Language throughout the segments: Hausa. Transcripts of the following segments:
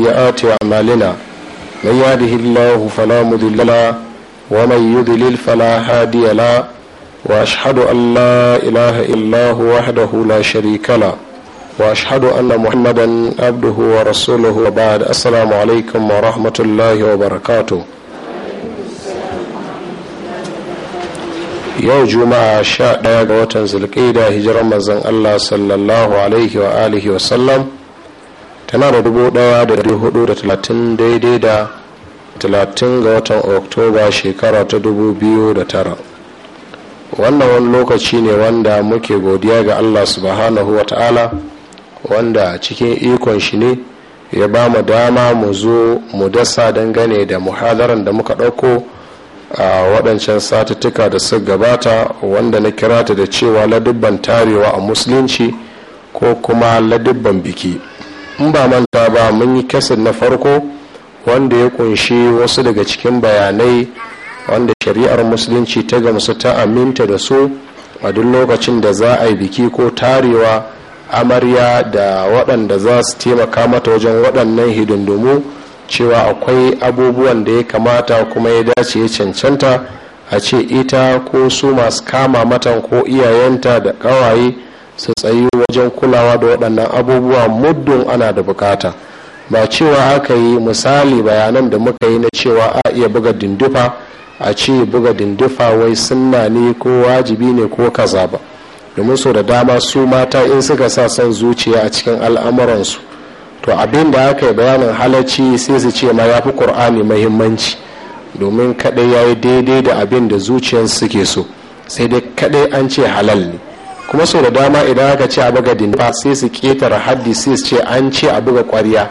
وسيئات أعمالنا من يهده الله فلا مضل له ومن يضلل فلا هادي له وأشهد أن لا إله إلا هو وحده لا شريك له وأشهد أن محمدا عبده ورسوله وبعد السلام عليكم ورحمة الله وبركاته yau juma'a sha ɗaya ga watan zulƙida hijirar manzon allah sallallahu alaihi wa alihi wa sallam tana da dubu daya da dari hudu da talatin daidai da talatin ga watan oktoba shekara ta dubu biyu da tara wannan wani lokaci ne wanda muke godiya ga allah subhanahu wa ta'ala wanda cikin ikon shi ne ya ba mu dama mu zo mu dasa dangane da muhadaran da muka ɗauko a waɗancan satuttuka da su gabata wanda na kira ta da cewa ladubban tarewa a musulunci ko kuma ladubban biki in ba manta ba mun yi kasin na farko wanda ya kunshi wasu daga cikin bayanai wanda shari'ar musulunci ta gamsu ta aminta da su a duk lokacin da za a yi biki ko tarewa amarya da waɗanda za su taimaka mata wajen waɗannan hidindumu cewa akwai abubuwan da ya kamata kuma ya dace ya cancanta a ce ita ko su masu kama matan ko iyayenta da ƙawaye su tsayi wajen kulawa da waɗannan abubuwa muddin ana da bukata ba cewa aka yi misali bayanan da muka yi na cewa a iya buga dindufa a ce buga dindufa wai sunna ne ko wajibi ne ko kaza ba domin so da dama su mata in suka sa son zuciya a cikin al'amuransu to abin da aka yi bayanin halarci sai su ce ma ya fi ƙur'ani mahimmanci domin kaɗai ya yi daidai da abin da zuciyarsu suke so sai dai kaɗai an ce halal ne kuma sau da dama idan aka ce a buga dimba sai su ketare haddi sai su ce an ce a buga kwarya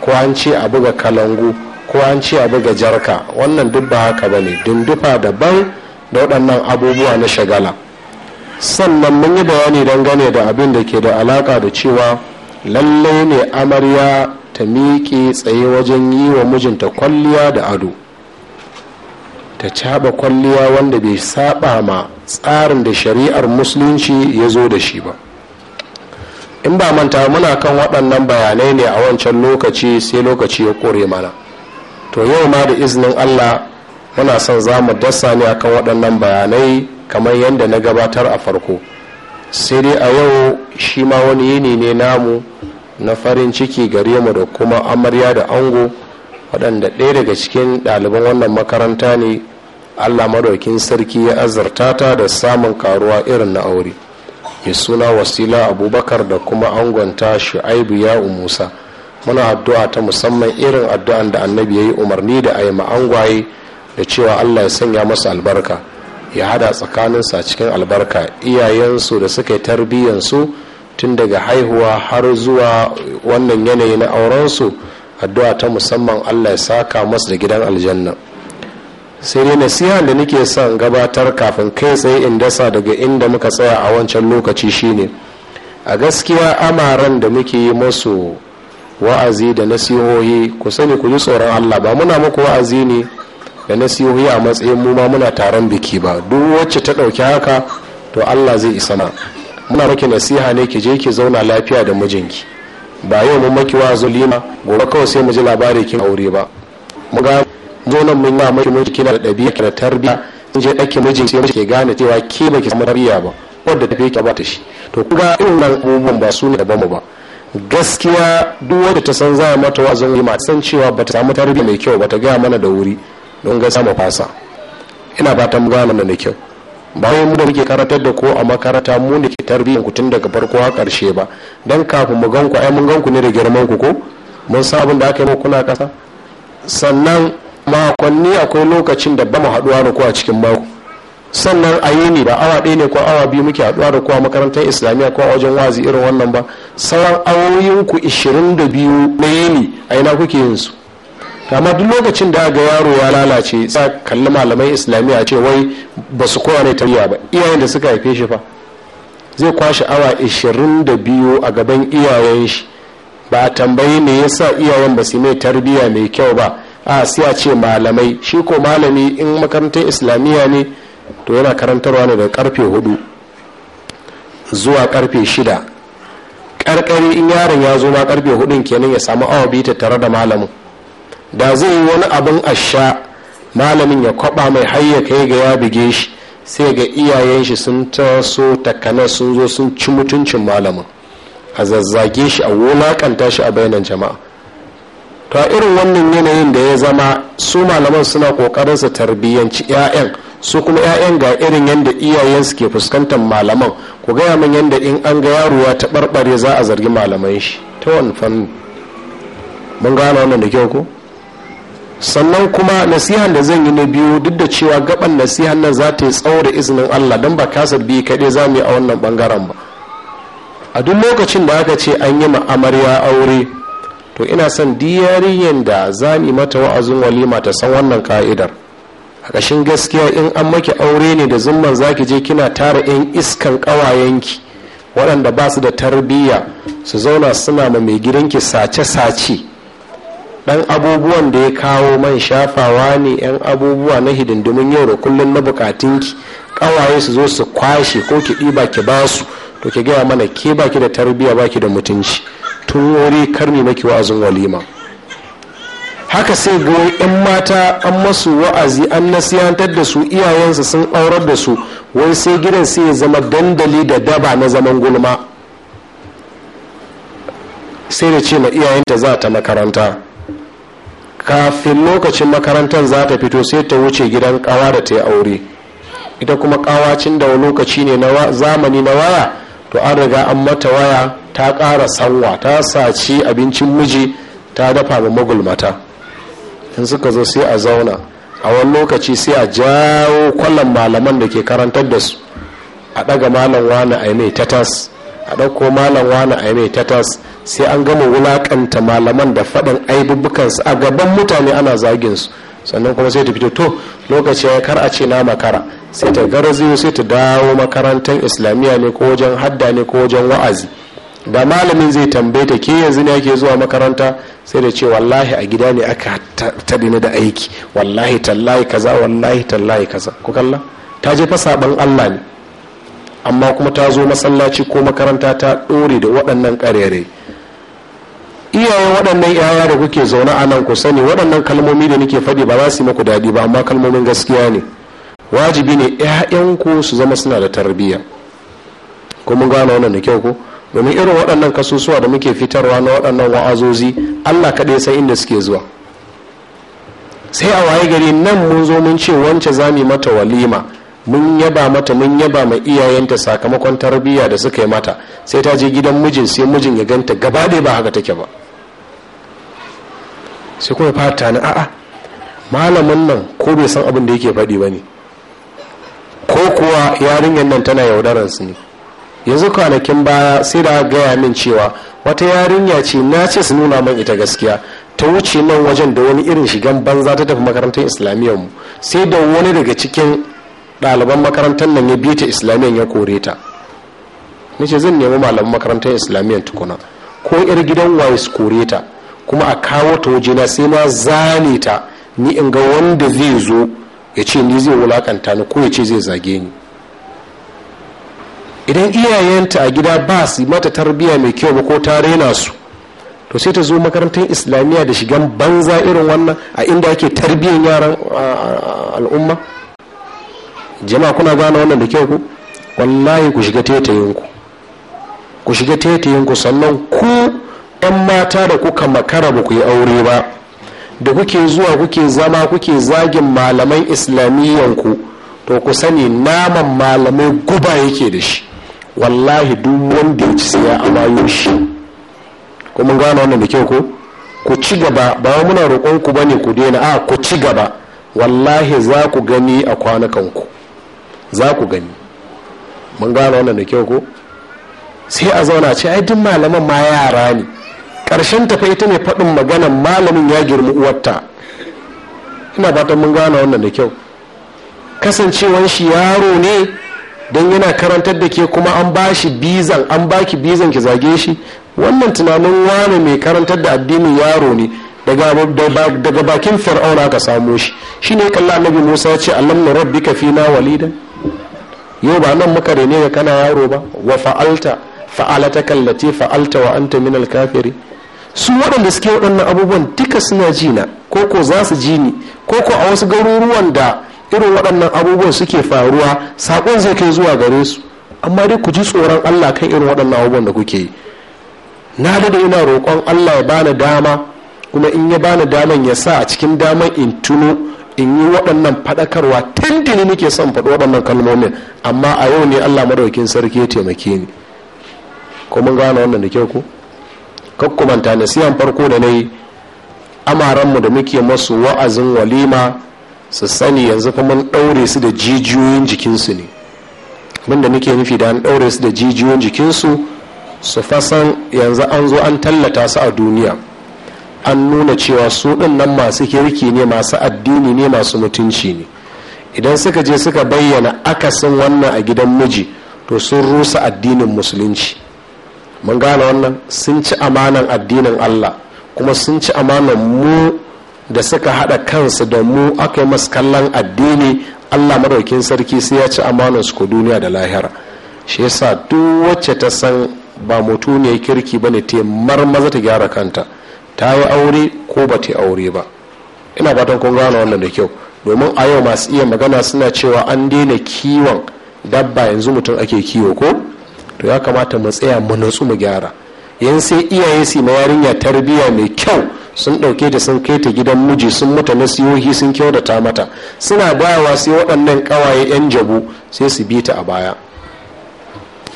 ko an ce a buga kalangu ko an ce a buga jarka wannan duk ba haka bane dindufa daban da waɗannan abubuwa na shagala sannan mun yi bayani dangane da abin da ke da alaka da cewa lallai ne amarya ta miƙe tsaye wajen yi wa mijinta kwalliya da ado ta caɓa kwalliya wanda bai saɓa ma tsarin da shari'ar musulunci ya zo da shi ba in ba manta muna kan waɗannan bayanai ne a wancan lokaci sai lokaci ya kore mana to yau ma da izinin allah muna son za mu dasa ne akan waɗannan bayanai kamar yadda na gabatar a farko sai dai a yau shi ma wani yini ne namu na farin ciki gare mu da kuma amarya da ango waɗanda ɗaya daga cikin ɗaliban wannan makaranta ne allah madaukin sarki ya azarta ta da samun karuwa irin na aure ya suna wasila abubakar da kuma angonta shu'aibu ya musa muna addu'a ta musamman irin addu'an da annabi ya yi umarni da a yi angwaye da cewa allah ya sanya masu albarka ya hada tsakaninsu a cikin albarka iyayensu da suka yi tarbiyyansu tun daga haihuwa har zuwa wannan yanayi na aurensu addu'a ta musamman allah ya saka masu da gidan aljanna sai dai nasiha da nake son gabatar kafin kai tsaye in dasa daga inda muka tsaya a wancan lokaci shine a gaskiya amaran da muke yi masu wa'azi da nasihohi ku sani ku ji tsoron allah ba muna muku wa'azi ne da nasihohi a matsayin mu ma muna taron biki ba duk wacce ta ɗauki haka to allah zai isa na muna maki nasiha ne ki je ki zauna lafiya da mijinki ba yau mun maki wa zulima gobe kawai sai mu ji labari kin aure ba mu ga gonan mun ma mai mutu kina da ɗabi'a kina tarbiya sun je ɗakin mijin sai ke gane cewa ke baki samu tarbiya ba wadda tafi ki ba ta shi to kuma irin nan abubuwan ba su ne daban ba gaskiya duk wanda ta san za mata wazon yi ma san cewa bata samu tarbiya mai kyau bata gaya mana da wuri don ga samu fasa ina fatan mu gane da kyau bayan mu da muke karatar da ko a makaranta mu ne ke tarbiyyar ku tun daga farko har karshe ba dan kafin mu ganku ai mun ku ne da girman ku ko mun san abin da aka yi kuna kasa sannan makonni akwai lokacin da ba mu haɗuwa da ku a cikin mako sannan a yi ni ba awa ɗaya ne ko awa biyu muke haɗuwa da ku makarantar islamiyya ko a wajen wazi irin wannan ba sauran awoyin ku ishirin da biyu na yini a ina kuke yin su amma duk lokacin da ga yaro ya lalace sai kalli malamai islamiyya ce wai ba su kowa ne ba iyayen da suka haife shi fa zai kwashe awa ishirin da biyu a gaban iyayen shi ba a tambayi me yasa iyayen ba su mai tarbiyya mai kyau ba a sai a ce malamai shi ko malami in makarantar islamiyya ne to yana karantarwa ne daga karfe hudu zuwa karfe shida karkari in yaron ya zo ma karfe hudun kenan ya samu awa biyu tare da malamin da zai yi wani abin asha malamin ya kwaba mai hayya kai ga ya buge shi sai ga iyayen shi sun taso takana sun zo sun ci mutuncin malamin a zazzage shi a wulakanta shi a bainan jama'a to a irin wannan yanayin da ya zama su malaman suna kokarin su tarbiyyanci 'ya'yan su kuma 'ya'yan ga irin yadda iyayensu ke fuskantar malaman ku gaya min yadda in an ga yaro ya taɓarɓare za a zargi malaman shi ta wani fanni mun gane wannan da kyau ko sannan kuma nasihan da zan yi na biyu duk da cewa gaban nasihan nan za ta yi tsawo da izinin allah don ba kasa biyu kaɗai za mu yi a wannan bangaren ba a duk lokacin da aka ce an yi ma amarya aure to ina son yarinyar da za mu mata wa'azin walima ta san wannan ka'idar a ƙashin gaskiya in an maki aure ne da zumman ki je kina tara 'yan iskan ƙawayenki waɗanda ba su da tarbiyya su zauna suna ma mai gidanki sace-sace ɗan abubuwan da ya kawo man shafawa ne 'yan abubuwa na hidindimin yau da kullum na bukatunki ƙawaye su zo su kwashe ko ki ɗiba ki ba su to ki gaya mana ke baki da tarbiyya baki da mutunci tun wuri karni maki wa'azin walima haka sai ga yan mata an masu wa'azi an nasiyantar da su iyayensu sun aurar da su wai sai gidan sai ya zama dandali da daba na zaman gulma sai da ce ma iyayenta za ta makaranta kafin lokacin makarantar za ta fito sai ta wuce gidan kawa da ta yi aure ita kuma kawacin da lokaci ne na zamani na waya to an riga an mata waya ta ƙara sanwa ta saci abincin miji ta dafa ma magulmata in suka zo sai a zauna a wani lokaci sai a jawo kwallon malaman da ke karantar da su a ɗaga malam wani a mai tatas a ɗauko malam wani a mai tatas sai an gama wulaƙanta malaman da faɗin aibubukansu a gaban mutane ana zagin su sannan kuma sai ta fito to lokaci ya kar a ce na makara sai ta garzayo sai ta dawo makarantar islamiyya ne ko wajen hadda ne ko wajen wa'azi da malamin zai tambaye ta ke yanzu ne ake zuwa makaranta sai da ce wallahi a gida ne aka tadina da aiki wallahi tallahi kaza wallahi tallahi kaza ku kalla ta je fa saban Allah ne amma kuma ta zo masallaci ko makaranta ta ɗore da waɗannan ƙarere iyayen waɗannan yaya da kuke zaune a nan ku sani waɗannan kalmomi da nake faɗi ba za su yi muku daɗi ba amma kalmomin gaskiya ne wajibi ne 'ya'yanku su zama suna da tarbiyya kuma gano wannan da kyau ko domin irin waɗannan kasusuwa da muke fitarwa na waɗannan wa'azozi allah kaɗai sai inda suke zuwa sai a waye gari nan mun zo mun ce wance za mu mata walima mun yaba mata mun yaba ma iyayenta sakamakon tarbiyya da suka yi mata sai ta je gidan mijin sai mijin ya ganta gaba ɗaya ba haka take ba sai kuma fata na a'a malamin nan ko bai san abin da yake faɗi ba ne ko kuwa yarinyar nan tana yaudarar su ne yanzu kwanakin baya sai da gaya min cewa wata yarinya ce na ce su nuna man ita gaskiya ta wuce nan wajen da wani irin shigan banza ta tafi makarantar islamiyyar mu sai da wani daga cikin ɗaliban makarantar nan ya bi ta islamiyyar ya kore ta ce zan nemi malaman makarantar islamiyyar tukuna ko yar gidan waye su kore ta kuma a kawo ta wajena sai na zane ta ni in ga wanda zai zo ya ce ni zai wulakanta ni ko ya ce zai zage ni idan iyayenta a gida ba su mata tarbiyya mai kyau ba ko ta rena su to sai ta zo makarantar islamiyya da shigan banza irin wannan a inda ake tarbiyyar yaran al'umma jama'a kuna gane wannan da kyau ku wallahi ku shiga tetayinku ku shiga ku sannan ku 'yan mata da kuka makara ba ku yi aure ba da kuke zuwa kuke zama kuke zagin malaman islamiyyanku to ku sani naman malamai guba yake da shi wallahi duk wanda ya ci sai ya amayo shi kuma gano wannan da kyau ko ku ci gaba ba muna roƙon ku bane ku daina a ku ci gaba wallahi za ku gani a kwanakanku za ku gani mun gano wannan da kyau ko sai a zauna ce ai duk malaman ma yara ne ƙarshen tafa ita ne faɗin maganan malamin ya girmi uwarta ina fatan mun gane wannan da kyau kasancewan shi yaro ne don yana karantar da ke kuma an ba shi bizan an baki bizan ki zage shi wannan tunanin wane mai karantar da addinin yaro ne daga bakin fir'auna ka samo shi ne kalla annabi musa ya ce ka fi na walidan yau ba nan muka rene ga kana yaro ba wa fa'alta fa'alata kallace fa'alta wa anta min al-kafiri su waɗanda suke waɗannan abubuwan duka suna ji na ko ko za su ji ni ko a wasu garuruwan da irin waɗannan abubuwan suke faruwa saƙon zai kai zuwa gare su amma dai ku ji tsoron allah kan irin waɗannan abubuwan da kuke yi na dada ina roƙon allah ya bani dama kuma in ya bani daman ya sa a cikin daman in tuno in yi waɗannan faɗakarwa tantini nake son faɗo waɗannan kalmomin amma a yau ne allah madaukin sarki ya taimake ni ko mun gane wannan da kyau ko kakkumanta nasiyan farko da na yi amaranmu da muke masu wa'azin walima su sani yanzu fa mun ɗaure su da jijiyoyin jikinsu ne abinda nake nufi da an ɗaure su da jijiyoyin jikinsu su fasan yanzu an zo an tallata su a duniya an nuna cewa su ɗin nan masu kirki ne masu addini ne masu mutunci ne idan suka je suka bayyana akasin wannan a gidan miji to sun rusa addinin musulunci mun gane wannan sun ci amanan addinin allah kuma sun ci amanan mu da suka hada kansu da mu aka yi masu kallon addini allah madaukin sarki sai ya ci amanan su ko duniya da lahira shi yasa duk wacce ta san ba mutu ne kirki ba ne ta marmaza ta gyara kanta ta yi aure ko ba ta aure ba ina fatan kun gane wannan da kyau domin a yau masu iya magana suna cewa an daina kiwon dabba yanzu mutum ake kiwo ko to ya kamata mu tsaya mu nutsu mu gyara yan sai iyaye su ma yarinya tarbiyya mai kyau sun ɗauke da sun kai ta gidan miji sun mata nasihohi sun kyautata mata suna bayawa sai waɗannan ƙawaye 'yan jabu sai su bi ta a baya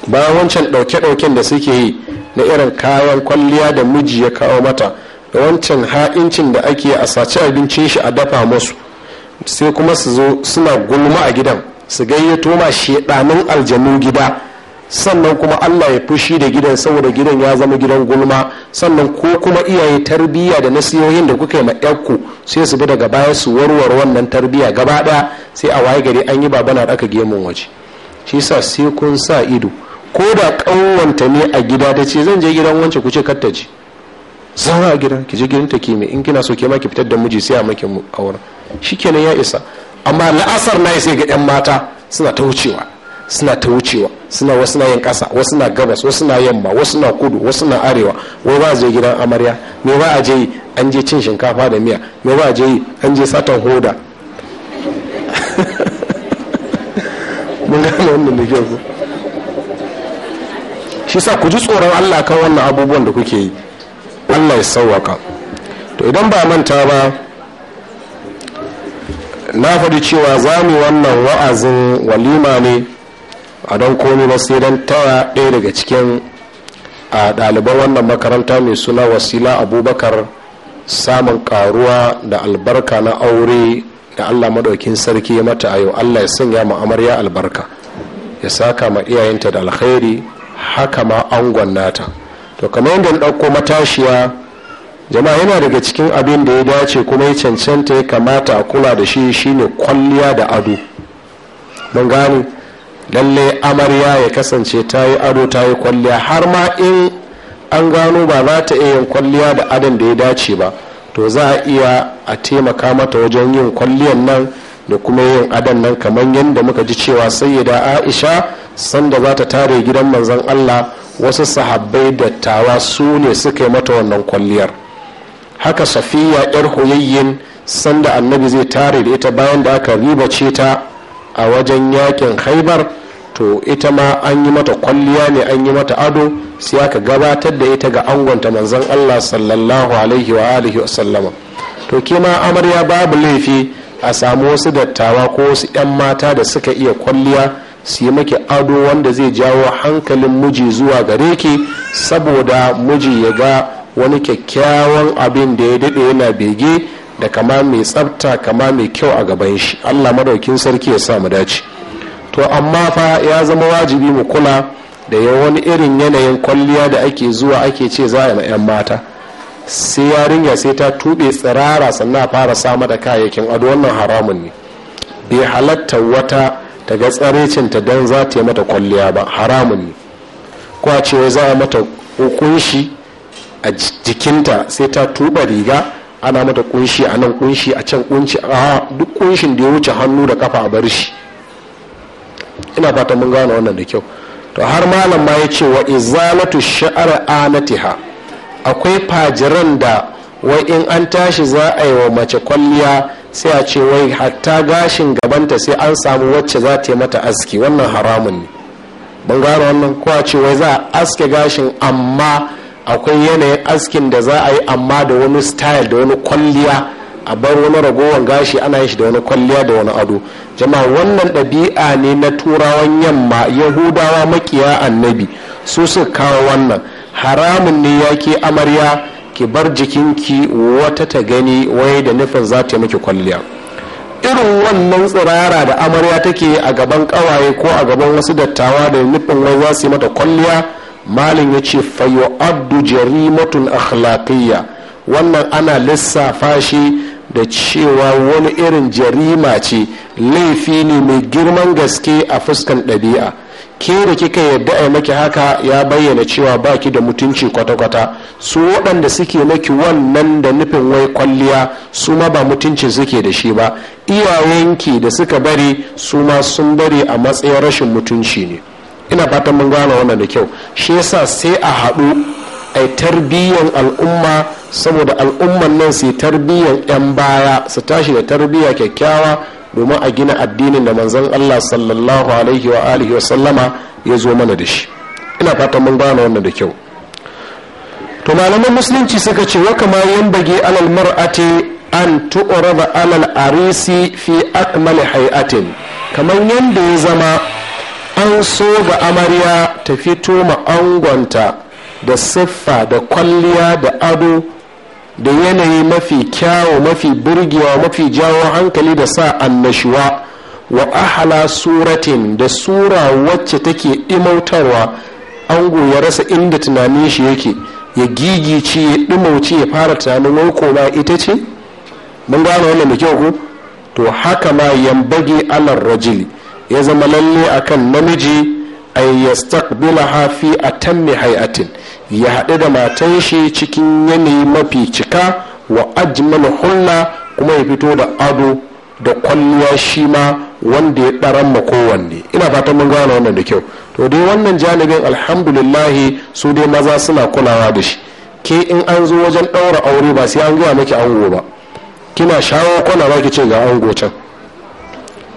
bayan wancan ɗauke-ɗauken da suke yi na irin kayan kwalliya da miji ya kawo mata da wancan ha'incin da ake a saci abincin shi a dafa musu sai kuma su zo suna gulma a gidan su gayyato ma shedanin aljanu gida sannan kuma allah ya fushi da gidan saboda gidan ya zama gidan gulma sannan ko kuma iyaye tarbiyya da nasiyoyin da kuka yi ma yakku sai su bi daga baya su warware wannan tarbiyya gaba ɗaya sai a waye gari an yi baba na ɗaka gemun waje shi sa sai kun sa ido ko da ƙanwanta ne a gida ta ce zan je gidan wance ku ce kar ta je zauna a gidan ki je gidan ta ke mai in kina so ke ma ki fitar da miji sai a maki auren shikenan ya isa amma la'asar na sai ga 'yan mata suna ta wucewa suna ta wucewa suna wasu na yin ƙasa wasu na gabas wasu na yamma wasu na kudu wasu na arewa wai ba a je gidan amarya me ba a je yi an je cin shinkafa da miya me ba a je yi an je satan hoda mun gane wannan da kyau shi sa ku ji tsoron Allah kan wannan abubuwan da kuke yi Allah ya sauwaka to idan ba manta ba na faɗi cewa za mu wannan wa'azin walima ne a don komi ba sai don taya ɗaya daga cikin a ɗaliban wannan makaranta mai suna wasila abubakar samun karuwa da albarka na aure da allah maɗaukin sarki ya mata ayo allah ya sanya mu amarya albarka ya saka ma iyayenta da alkhairi haka ma angon nata to kamar yadda ɗauko matashiya jama'a yana daga cikin abin da ya dace kuma ya cancanta ya kamata a kula da shi shine kwalliya da ado mun gane lalle amarya ya kasance ta yi ado ta yi kwalliya har ma in an gano ba za ta iya yin kwalliya da adon da ya dace ba to za a iya a taimaka mata wajen yin kwalliyan nan da kuma yin adon nan kamar yadda muka ji cewa sai sayyida aisha sanda za ta tare gidan manzon allah wasu sahabbai dattawa su ne suka yi mata wannan kwalliyar haka safiya yar huyayyin sanda annabi zai tare da ita bayan da aka ribace ta a wajen yakin haibar to ita ma an yi mata kwalliya ne an yi mata ado sai aka gabatar da ita ga angonta manzon Allah sallallahu alaihi wa alihi wa sallama to ke amarya babu laifi a samu wasu dattawa ko wasu 'yan mata da suka iya kwalliya su yi maki ado wanda zai jawo hankalin miji zuwa gare ki saboda miji ya ga wani kyakkyawan abin da ya daɗe yana bege da kama mai tsafta kama mai kyau a gaban shi allah madaukin sarki ya sa mu dace to amma fa ya zama wajibi mu kula da ya wani irin yanayin kwalliya da ake zuwa ake ce za a 'yan mata sai yarinya sai ta tuɓe tsirara sannan fara samar da kayayyakin ado wannan haramun ne bai halatta wata ta ga tsarecinta don za ta yi mata kwalliya ba haramun ne ko ce za a mata kunshi a jikinta sai ta tuba riga ana mata kunshi a nan kunshi a can kunshi a duk kunshin da ya wuce hannu da kafa a bar shi ina fatan mun gane wannan da kyau to har malam ma ya ce wa izalatu sha'ar anatiha akwai fajiran da wai in an tashi za a yi wa mace kwalliya sai a ce wai hatta gashin gabanta sai an samu wacce za ta yi mata aski wannan haramun ne ban gane wannan ko ce wai za a aske gashin amma akwai yanayin askin da za a yi amma da wani style da wani kwalliya a bar wani ragowar gashi ana yin shi da wani kwalliya da wani ado jama'a wannan ɗabi'a ne na turawan yamma yahudawa makiya annabi su su kawo wannan haramun ne ya ke amarya ki bar jikinki wata ta gani wai da nufin za ta miki kwalliya irin wannan tsirara da amarya take a gaban kawaye ko a gaban wasu dattawa da nufin wai za su yi mata kwalliya malin ya ce fayo abdu jarimatun akhlaqiyya wannan ana lissafa shi da cewa wani irin jarima ce laifi ne mai girman gaske a fuskan ɗabi'a ke da kika yadda a maki haka ya bayyana cewa baki da mutunci kwata-kwata su waɗanda suke maki wannan da nufin wai kwalliya su ma ba mutunci suke da shi ba iyayenki da suka bari su ma sun bari a matsayin rashin mutunci ne ina fatan mun gane wannan da kyau shi yasa sai a haɗu a tarbiyyar al'umma saboda al'umman nan su tarbiyyar 'yan baya su tashi da tarbiyya kyakkyawa domin a gina addinin da manzon allah sallallahu alaihi wa alihi wa sallama ya zo mana da shi ina fatan mun gane wannan da kyau to malaman musulunci suka ce wa kama yan bage alal mar'ati an tu'rada alal arisi fi akmal hay'atin kamar yanda ya zama an so ga amarya ta fito ma angonta da siffa da kwalliya da ado da yanayi mafi kyawo mafi burgewa mafi jawo hankali da sa annashuwa wa ahala suratin da sura wacce take imautarwa ango ya rasa inda tunanin shi yake ya gigice ya ɗumauce ya fara tunanin wai koma ita ce mun gano wannan da kyau ko to haka ma yambage alar rajili ya zama lalle akan namiji ay yastaqbilaha fi atammi hay'atin ya haɗu da matan shi cikin yanayi mafi cika wa ajmal hulla kuma ya fito da ado da kwalliya shi ma wanda ya ɗaran ma kowanne ina fatan mun gane wannan da kyau to dai wannan janibin alhamdulillahi su dai maza suna kulawa da shi ke in an zo wajen ɗaura aure ba sai an gaya maki ango ba kina shawo kwana ba ki ce ga ango can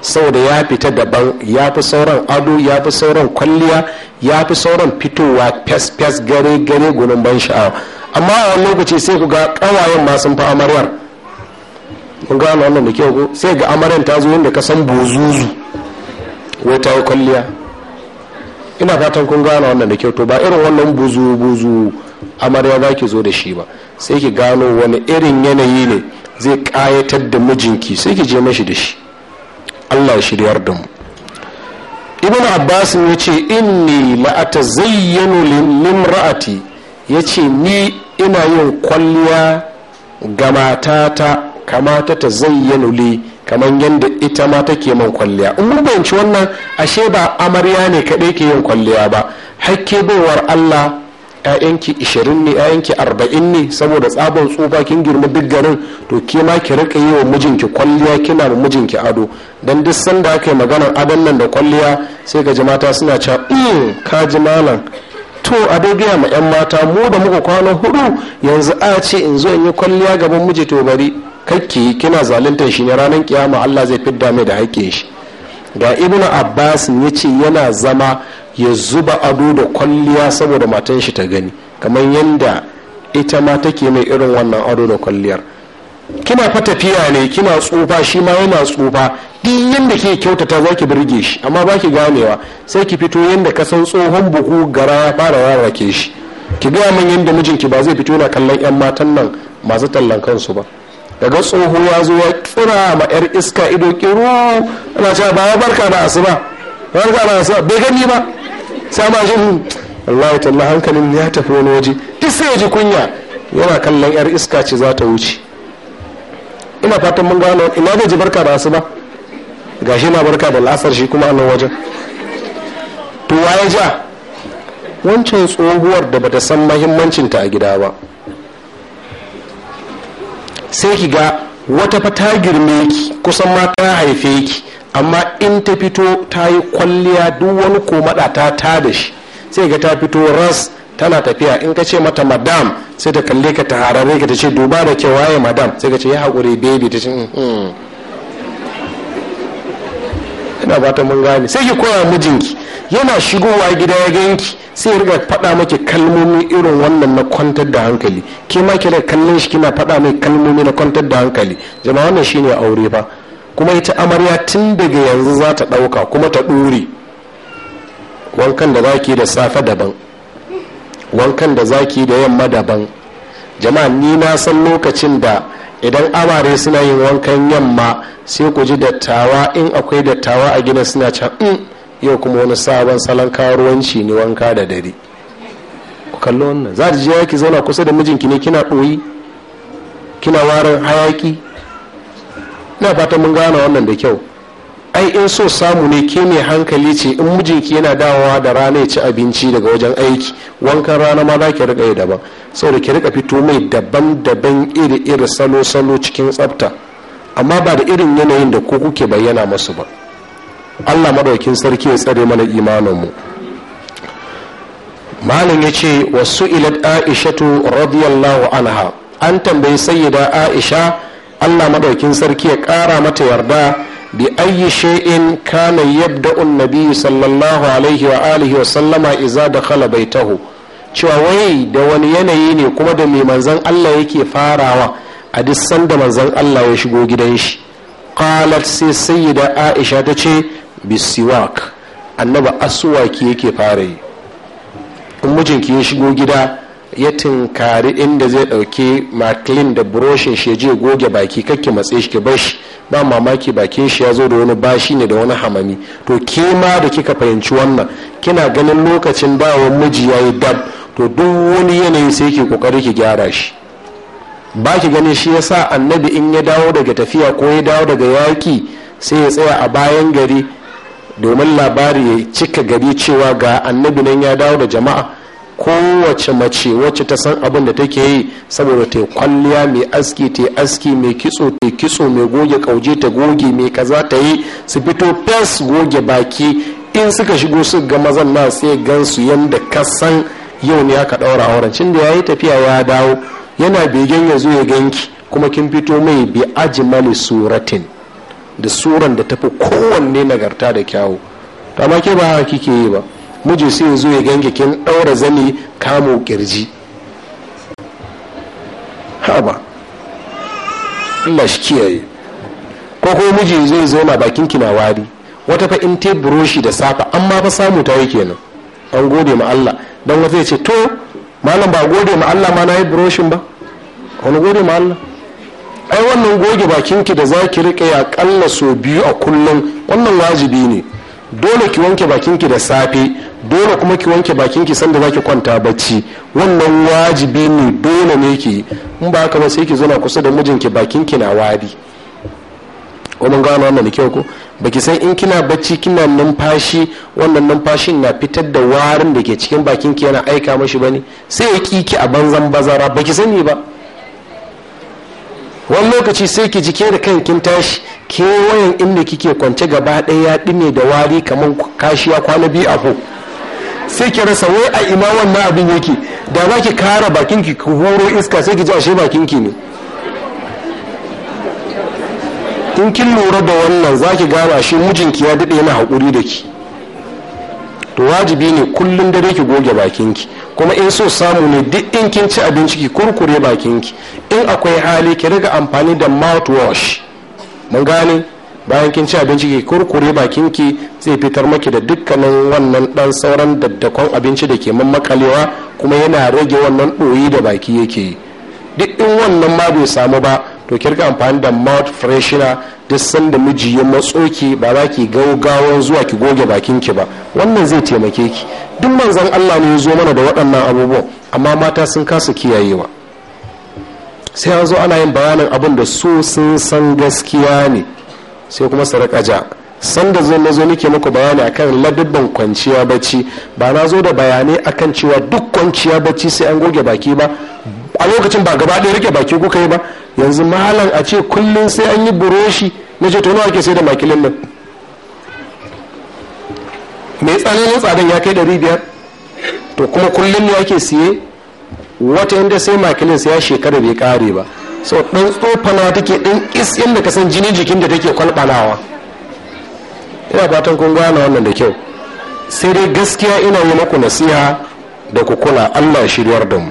saboda ya fita daban ya fi sauran ado ya fi sauran kwalliya ya fi sauran fitowa fes-fes gare-gare gunin ban sha'awa amma a wani lokaci sai ku ga kawayen ma sun fi amaryar kun gano wannan da kyau ko sai ga amaryar ta zo yadda ka san buzuzu wai ta yi kwalliya ina fatan kun gano wannan da kyau to ba irin wannan buzu-buzu amarya za ki zo da shi ba sai ki gano wani irin yanayi ne zai ƙayatar da mijinki sai ki je mashi da shi allah shiryar da mu ibn abbas ya ce inni la'ata zayyano limra'ati ya ce ni ina yin kwalliya ga matata kamata ta zayyano li kamar yadda ita ma take man kwalliya in mun wannan ashe ba amarya ne kaɗai ke yin kwalliya ba hakke baiwar allah 'ya'yanki ishirin ne 'ya'yanki arba'in ne saboda tsaban tsufa kin girma duk garin to ke ma ki rika yi wa mijinki kwalliya kina ma mijinki ado dan duk sanda aka yi maganar adon nan da kwalliya sai ga ji suna cewa mm, ka ji malam to a gaya ma 'yan mata mu da muka kwana hudu yanzu a ce in zo in yi kwalliya gaban miji to bari kakki kina zalunta shi ne ranar kiyama Allah zai fidda mai da haƙƙin shi ga ibnu abbas ya ce yana zama ya zuba ado da kwalliya saboda matan shi ta gani kamar yadda ita ma take mai irin wannan ado da kwalliyar kina fa tafiya ne kina tsufa shi ma yana tsufa duk yadda ke kyautata za ki birge shi amma ba ki ganewa sai ki fito yadda ka san tsohon buhu gara ya fara rarrake shi ki gaya min yadda mijinki ba zai fito na kallon yan matan nan masu tallan kansu ba daga tsoho ya zo ya kira ma yar iska ido kiro ana cewa ba ya barka da asuba barka da asuba bai gani ba sama jin wallahi talla hankalin ya tafi wani waje duk sai ya ji kunya yana kallon yar iska ce za ta wuce ina fatan mun gano ina zai ji barka da asuba gashi na barka da lasar shi kuma a nan wajen to waye ja wancan tsohuwar da bata san ta a gida ba sai ki ga wata fata girme ki kusan ma ta haife ki amma in ta fito ta yi kwalliya duk wani komada ta ta da shi sai ga ta fito ras tana tafiya in ka ce mata madam sai ta kalle ka ta harare ka ta ce duba da ke waye madam sai ka ce ya haƙuri baby ta ce mm-hmm. ina fata mun gane sai ki koya mijinki yana shigowa gida ya ganki sai ya riga faɗa maki kalmomi irin wannan na kwantar da hankali ke ma da kallon shi kina faɗa mai kalmomi na kwantar da hankali jama'a wannan shine aure fa kuma ita amarya tun daga yanzu za ta ɗauka kuma ta ɗure wankan da zaki da safe daban wankan da zaki da yamma daban jama'a ni na san lokacin da idan amare suna yin wankan yamma sai ku ji dattawa in akwai dattawa a gina suna can in mm, yau kuma wani sabon salon karuwanci ne wanka da dare ku kalli wannan za ta je ki zauna kusa da mijinki ne kina ɗoyi kina warin hayaki na fata mun gane wannan da kyau ai in so samu ne ke mai hankali ce in mijinki yana dawowa da rana ya ci abinci daga wajen aiki wankan rana ma za ki rika yi daban saboda ki rika fito mai daban-daban iri-iri salo-salo cikin tsafta amma ba da irin yanayin da ko kuke bayyana masu ba allah maɗaukin sarki ya tsare mana imanin mu. malam ya ce wasu ilat aishatu radiyallahu anha an tambayi sayyida aisha allah madaukin sarki ya ƙara mata yarda bi ayi shay'in kana yabda'u an-nabiy sallallahu alaihi wa alihi wa sallama idza dakhala baitahu cewa wai da wani yanayi ne kuma da mai manzon Allah yake farawa a duk sanda manzon Allah ya shigo gidan shi qalat sai sayyida Aisha ta ce bisiwak annaba aswaki yake fara yi in mijinki ya shigo gida ya tinkari inda zai ɗauki maklin da buroshin shi je goge baki kakki matse shi ki bar shi ba mamaki bakin shi ya zo da wani bashi ne da wani hamami to ke ma da kika fahimci wannan kina ganin lokacin dawon miji yayi dab to duk wani yanayi sai ki kokari ki gyara shi ba ki gani shi yasa annabi in ya dawo daga tafiya ko ya dawo daga yaki sai ya tsaya a bayan gari domin labari ya cika gari cewa ga annabi nan ya dawo da jama'a kowace mace wacce ta san abin da take yi saboda ta kwalliya mai aski ta aski mai kitso ta kitso mai goge kauje ta goge mai kaza ta yi su fito fes goge baki in suka shigo su ga mazan na sai gansu yadda kasan yau ne aka ɗaura auren cin da yayi tafiya ya dawo yana begen ya zo ya ganki kuma kin fito mai bi ajmali suratin da suran da tafi kowanne nagarta da kyawu amma ke ba kike yi ba miji sai ya zo ya gange kin daura zani kamo kirji haba Allah shi kiyaye ko ko miji zai zo na bakin ki na wari wata fa in te buroshi da safa amma fa samu ta yake nan, an gode ma Allah dan wata ya ce to malam ba gode ma Allah ma na yi buroshin ba wani gode ma Allah ai wannan goge bakin ki da za ki riƙe ya ƙalla so biyu a kullum wannan wajibi ne dole ki wanke bakin ki da safe dole kuma ki wanke bakin ki sanda zaki kwanta bacci wannan wajibi ne dole ne ki in ba haka ba sai ki zauna kusa da mijinki bakin ki na wari wannan gano wannan da kyau ko baki san in kina bacci kina numfashi wannan numfashin na fitar da warin da ke cikin bakin ki yana aika mashi bane sai ya kiki a banzan bazara baki sani ba wani lokaci sai ki jike da kan kin tashi kewayen inda kike kwance gaba ɗaya ya da wari kamar kashi ya kwana biyu a ko sai ki rasa wai a ina wannan abin yake da za ki kara bakin ki horo iska sai ki ji ashe bakin ki ne in kin lura da wannan za ki gaba shi mijinki ya daɗe yana haƙuri da ki to wajibi ne kullum dare ki goge bakin ki kuma in so samu ne duk in kin ci abinci ki kurkure ki in akwai hali ki riga amfani da mouthwash mun gane bayan kin ci abinci ki kurkure bakin ki zai fitar maki da dukkanin wannan dan sauran daddakon abinci da ke mammakalewa kuma yana rage wannan ɗoyi da baki yake yi duk in wannan ma bai samu ba to ki rika amfani da mouth freshener duk sanda miji ya matso ki ba za ki gaugawan zuwa ki goge bakin ki ba wannan zai taimake ki duk manzon Allah ne ya zo mana da waɗannan abubuwan amma mata sun kasa kiyayewa sai an zo ana yin bayanin abin da su sun san gaskiya ne sai kuma ja sanda zai na zo nake muku bayani akan ladubban kwanciya bacci ba na zo da bayanai akan cewa duk kwanciya bacci sai an goge baki ba a lokacin ba gaba ɗaya rike baki kuka yi ba yanzu malam a ce kullum sai an yi buroshi na ce tono ake sai da makilin nan mai tsananin tsadan ya kai ɗari biyar to kuma kullum ne ake siye wata inda sai makilin sai ya shekara bai kare ba so ɗan tsofana take ɗan is da ka san jini jikin da take kwalɓalawa ina fatan kun gane wannan da kyau sai dai gaskiya ina yi maku nasiha da ku kula allah shiryar da mu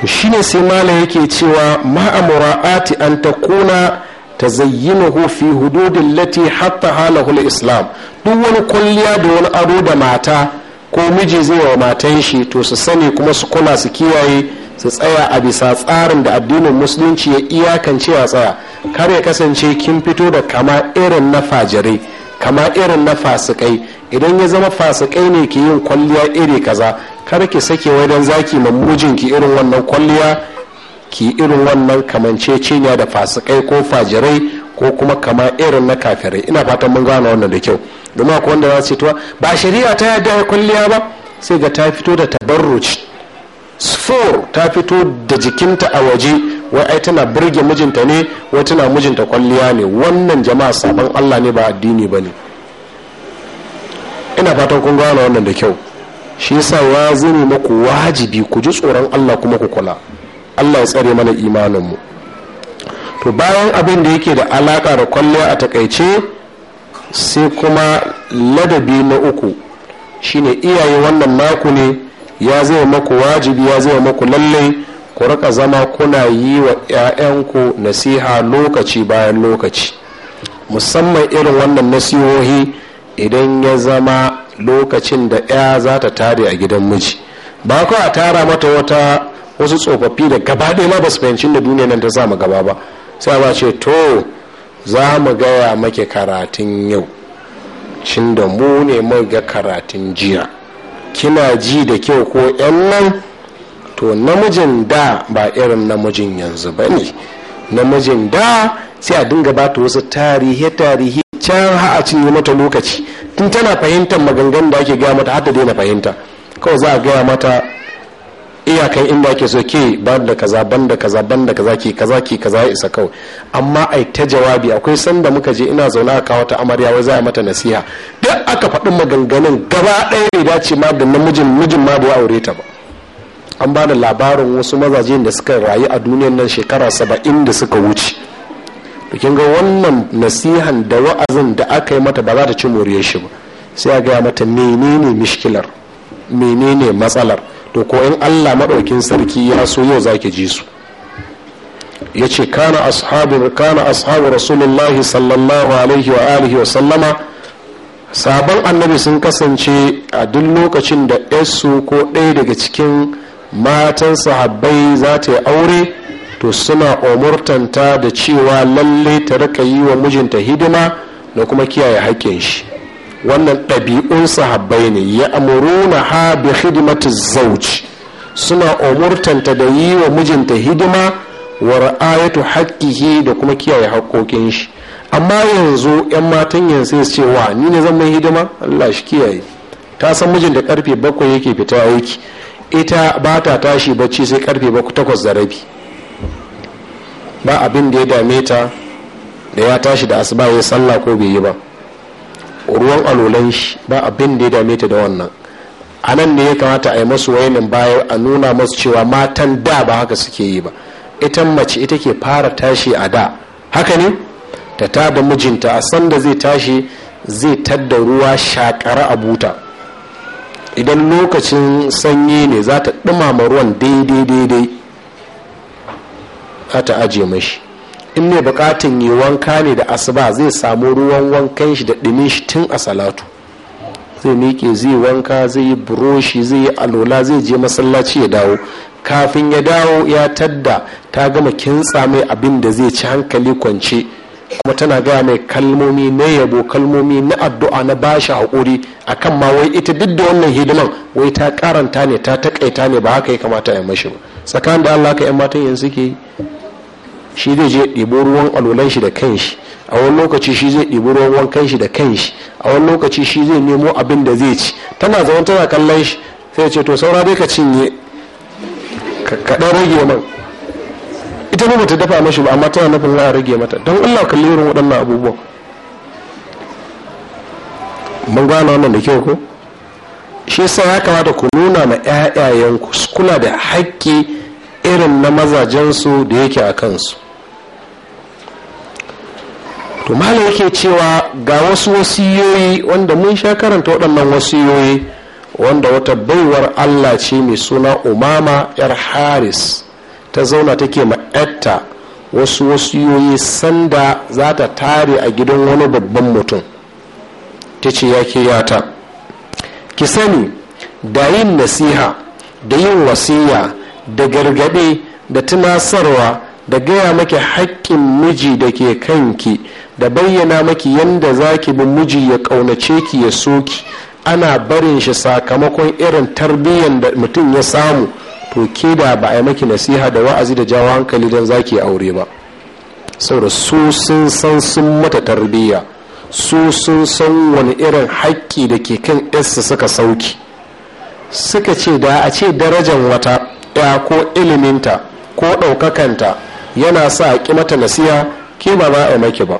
to shine sai mala yake cewa ma'amura ati an ta kuna ta zayyina fi hududin lati hatta halahul islam duk wani kwalliya da wani ado da mata ko miji zai wa matan shi to su sani kuma su kula su kiyaye su tsaya a bisa tsarin da addinin musulunci ya iyakance a tsaya kar ya kasance kin fito da kama irin na fajirai kama irin na fasikai idan ya zama fasikai ne ke yin kwalliya iri kaza kar ki sake wajen zaki mamujin ki irin wannan kwalliya ki irin wannan kamanceceniya da fasikai ko fajirai ko kuma kama irin na kafirai ina fatan mun gane wannan da kyau domin akwai wanda za su ce ba shari'a ta yadda kwalliya ba sai ga ta fito da tabarruci spore ta fito da jikinta a waje wai ai tana birge mijinta ne wai tana mijinta kwalliya ne wannan jama'a sabon allah ne ba addini ba ne ina fatan kun gane wannan da kyau shi yasa ya zini maku wajibi ku ji tsoron allah kuma ku kula allah ya tsare mana imaninmu to bayan abin da yake da alaka da kwalliya a takaice sai kuma ladabi na uku shine iyaye wannan maku ne ya zai maku wajibi ya zai maku lallai ku rika zama kuna yi wa 'ya'yanku nasiha lokaci bayan lokaci musamman irin wannan nasihohi idan ya zama lokacin da 'ya za ta tare a gidan miji ba ku a tara mata wata wasu tsofaffi da gaba ɗaya ma ba su fahimci da duniya nan ta sa mu gaba ba sai ba ce to za mu gaya make karatun yau cin da mu ne mai ga karatun jiya kina ji da kyau ko yan nan to namijin da ba irin namijin yanzu ba ne namijin da sai a dinga ba ta wasu tarihi tarihi can ha a cinye mata lokaci tun tana fahimtar maganganun da ake gaya mata har ta daina fahimta kawai za a gaya mata iyakan inda ake so ke ban da kaza ban da kaza ban da kaza ke kaza ke kaza isa kawai amma ai ta jawabi akwai sanda muka je ina zaune a kawo ta amarya wai za a mata nasiha duk aka faɗi maganganun gaba ɗaya bai dace ma da namijin mijin ma bai aure ta ba an ba labarin wasu mazaje da suka rayu a duniyar nan shekara saba'in da suka wuce da kin ga wannan nasihan da wa'azin da aka yi mata ba za ta ci moriyar shi ba sai a gaya mata menene mishkilar menene matsalar to ko in allah maɗaukin sarki ya so yau zaki ji su ya ce kana ashabu kana ashabu sallallahu alaihi wa alihi wa sallama sabon annabi sun kasance a duk lokacin da yarsu ko ɗaya daga cikin matan sahabbai za ta yi aure to suna umurtanta da cewa lalle ta raka yi wa mijinta hidima da kuma kiyaye haƙƙin shi wannan ɗabi'un sahabbai ne ya amuruna ha bi hidimatu zauj suna umurtanta da yi wa mijinta hidima wa ra'ayatu haƙƙihi da kuma kiyaye haƙƙoƙin shi amma yanzu yan matan yanzu su ce wa ni ne zan mai hidima allah shi kiyaye ta san mijin da karfe bakwai yake fita aiki ita ba ta tashi bacci sai karfe bakwai takwas da rabi ba abin da ya dame ta da ya tashi da asuba ya sallah ko bai yi ba ruwan alolan shi ba abin da ya dame ta da wannan a nan ne ya kamata a yi masu wayanin baya a nuna masu cewa matan da ba haka suke yi ba ita mace ita ke fara tashi a da haka ne ta da mijinta a sanda zai tashi zai tadda ruwa shakara a buta idan lokacin sanyi ne za ta ɗumama ruwan daidai daidai ta aje mashi in mai bukatun yi wanka ne da asuba zai samu ruwan wankan shi da ɗumin shi tun a salatu zai miƙe zai wanka zai yi buroshi zai yi alola zai je masallaci ya dawo kafin ya dawo ya tadda ta gama kintsa mai abin da zai ci hankali kwance kuma tana gaya mai kalmomi na yabo kalmomi na addu'a na bashi haƙuri a kan ma wai ita duk da wannan hidiman wai ta karanta ne ta taƙaita ne ba haka ya kamata ya mashi ba tsakanin da Allah ka yan matan yanzu ke shi zai je ɗibo ruwan alolan shi da kanshi a wani lokaci shi zai ɗibo ruwan wankan shi da kanshi a wani lokaci shi zai nemo abin da zai ci tana zaune tana kallon shi sai ce to saura dai ka cinye ka ɗan rage man ita ba bata dafa mashi ba amma tana nufin za a rage mata don allah kalli irin waɗannan abubuwan mun gane wannan da kyau ko shi yasa ya kamata ku nuna ma 'ya'yayenku kula da haƙƙi irin na mazajensu da yake a kansu to malam yake cewa ga wasu wasiyoyi wanda mun sha karanta waɗannan wasiyoyi wanda wata baiwar allah ce mai suna umama yar haris ta zauna take ma'yarta wasu wasiyoyi sanda za ta tare a gidan wani babban mutum ta ce ya ke yata ki sani da yin nasiha da yin wasiya da gargaɗe da tunasarwa da gaya maki haƙƙin miji da ke kanki da bayyana maki yadda za ki bi miji ya ƙaunace ki ya soki ana barin shi sakamakon irin tarbiyyar da mutum ya samu to ke da ba a yi maki nasiha da wa'azi da jawo hankali don za ki aure ba saboda su sun san sun mata tarbiyya su sun san wani irin haƙƙi da ke kan yarsa suka sauki suka ce da a ce darajar wata ya ko iliminta ko ɗaukakanta yana sa a ƙi mata nasiha ke ba za a yi maki ba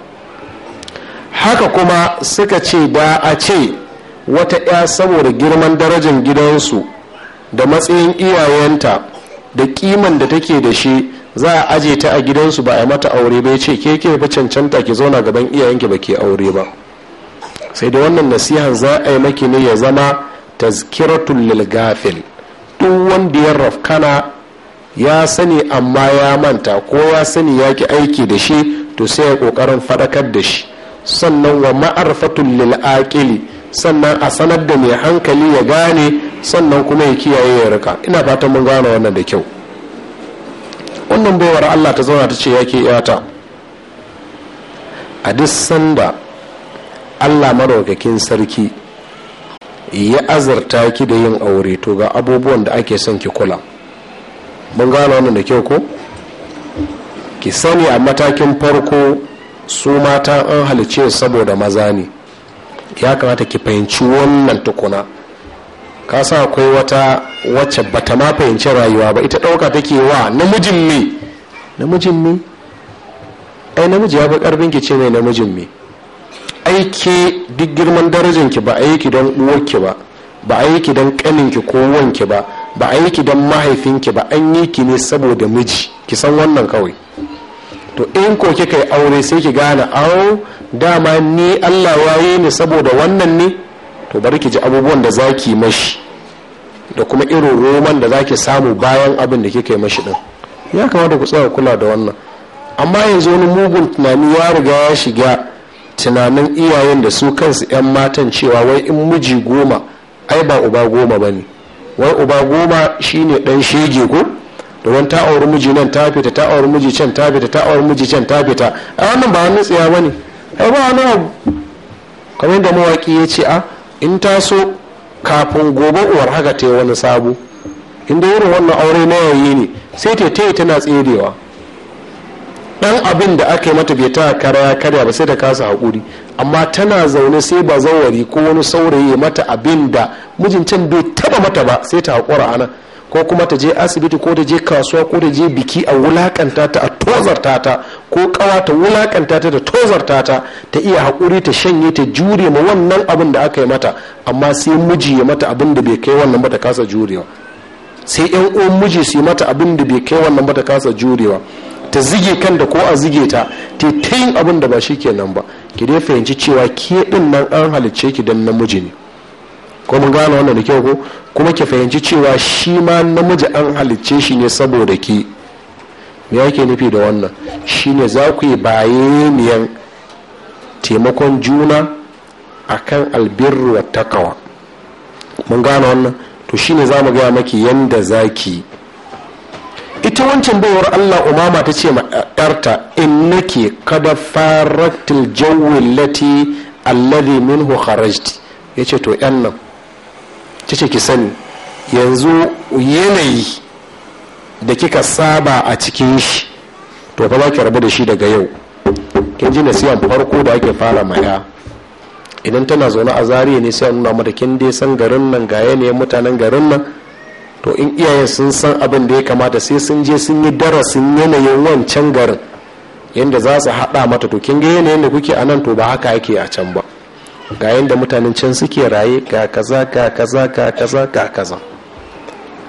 haka kuma suka ce da a ce wata ya saboda girman darajan gidansu da matsayin iyayenta da kiman da take da shi za a aje ta a gidansu ba a mata aure ba ya ce ke ke ba cancanta ki zauna gaban iyayenki ba ke aure ba sai da wannan nasihan za a yi maki ne ya zama tazkiratul lil gafil duk wanda ya rafkana ya sani amma ya manta ko ya sani ya ki aiki da shi to sai ya kokarin fadakar da shi sannan wa ma'arfatul lil aqili sannan a sanar da mai hankali ya gane sannan kuma ya kiyaye ya rika ina fatan mun gane wannan da kyau wannan baiwar allah ta zauna ta ce yake yata a duk sanda allah maraukakin sarki ya azarta ki da yin aure to ga abubuwan da ake son ki kula mun gane wannan da kyau ko ki sani a matakin farko su mata an halice saboda maza ne ya kamata ki fahimci wannan tukuna ka sa akwai wata wacce bata ma fahimci rayuwa ba ita ɗauka take wa namijin me namijin me ai namiji ya fi ƙarfin ki ce mai namijin me aiki duk girman darajin ki ba aiki don ki ba ba aiki don kanin ki ko ki ba ba ki don mahaifin ki ba an yi ki ne saboda miji ki san wannan kawai to in ko kika yi aure sai ki gane au dama ni Allah waye ne saboda wannan ne to bari ki ji abubuwan da zaki mashi da kuma irin roman da zaki samu bayan abin da kika yi mashi din ya kamata ku tsaya kula da wannan amma yanzu wani mugun tunani ya riga ya shiga tunanin iyayen da su kansu 'yan matan cewa wai in miji goma ai ba uba goma ba ne wai uba goma shine dan shege ko da wani ta'awar miji nan ta fita ta'awar miji can ta fita ta'awar miji can ta fita a wannan ba wani tsaya ba ne ai ba wani kamar da mawaki ya ce a ah, in ta so kafin gobe uwar haka ta yi wani sabo inda wurin wannan aure na yayi ne sai ta taya tana tserewa dan abin da aka yi mata bai ta ya karya ba sai ta kasa haƙuri amma tana zaune sai ba zawari ko wani saurayi mata abin da mijin can bai taba mata ba sai ta haƙura nan ko kuma ta je asibiti ko ta je kasuwa ko ta je biki a wulakanta ta a tozarta ta ko kawa ta wulakanta ta da tozarta ta ta iya haƙuri ta shanye ta jure ma wannan abin da aka yi mata amma sai miji ya mata abin da bai kai wannan ba ta kasa jurewa sai yan uwan miji su yi mata abin da bai kai wannan ba ta kasa jurewa ta zige kan da ko a zige ta ta yin abin da ba shi kenan ba ki dai fahimci cewa ke din nan an halicce ki dan namiji ne ko mun gane wannan da kyau ko kuma ki fahimci cewa shi ma namiji an halicce shi ne saboda ki me yake nufi da wannan shine za ku yi bayaniyan taimakon juna kan albirru wa takawa mun gane wannan to shine za mu gaya maki yanda za ki ita wancan bayar allah umama ta ce ma ɗarta in nake kada faraktil jawin lati alladhi minhu kharajti ya ce to yan nan ta ce ki sani yanzu yanayi da kika saba a cikin shi to fa za ki rabu da shi daga yau kin ji nasiyan farko da ake fara maya idan tana zaune a zariya ne sai a nuna mata kin dai san garin nan ga yanayin mutanen garin nan to in iyayen sun san abin da ya kamata sai sun je sun yi darasin yanayin wancan garin yadda za su haɗa mata to kin ga yanayin da kuke a nan to ba haka yake a can ba ga yadda mutanen can suke raye ga kaza ga kaza ga kaza ga kaza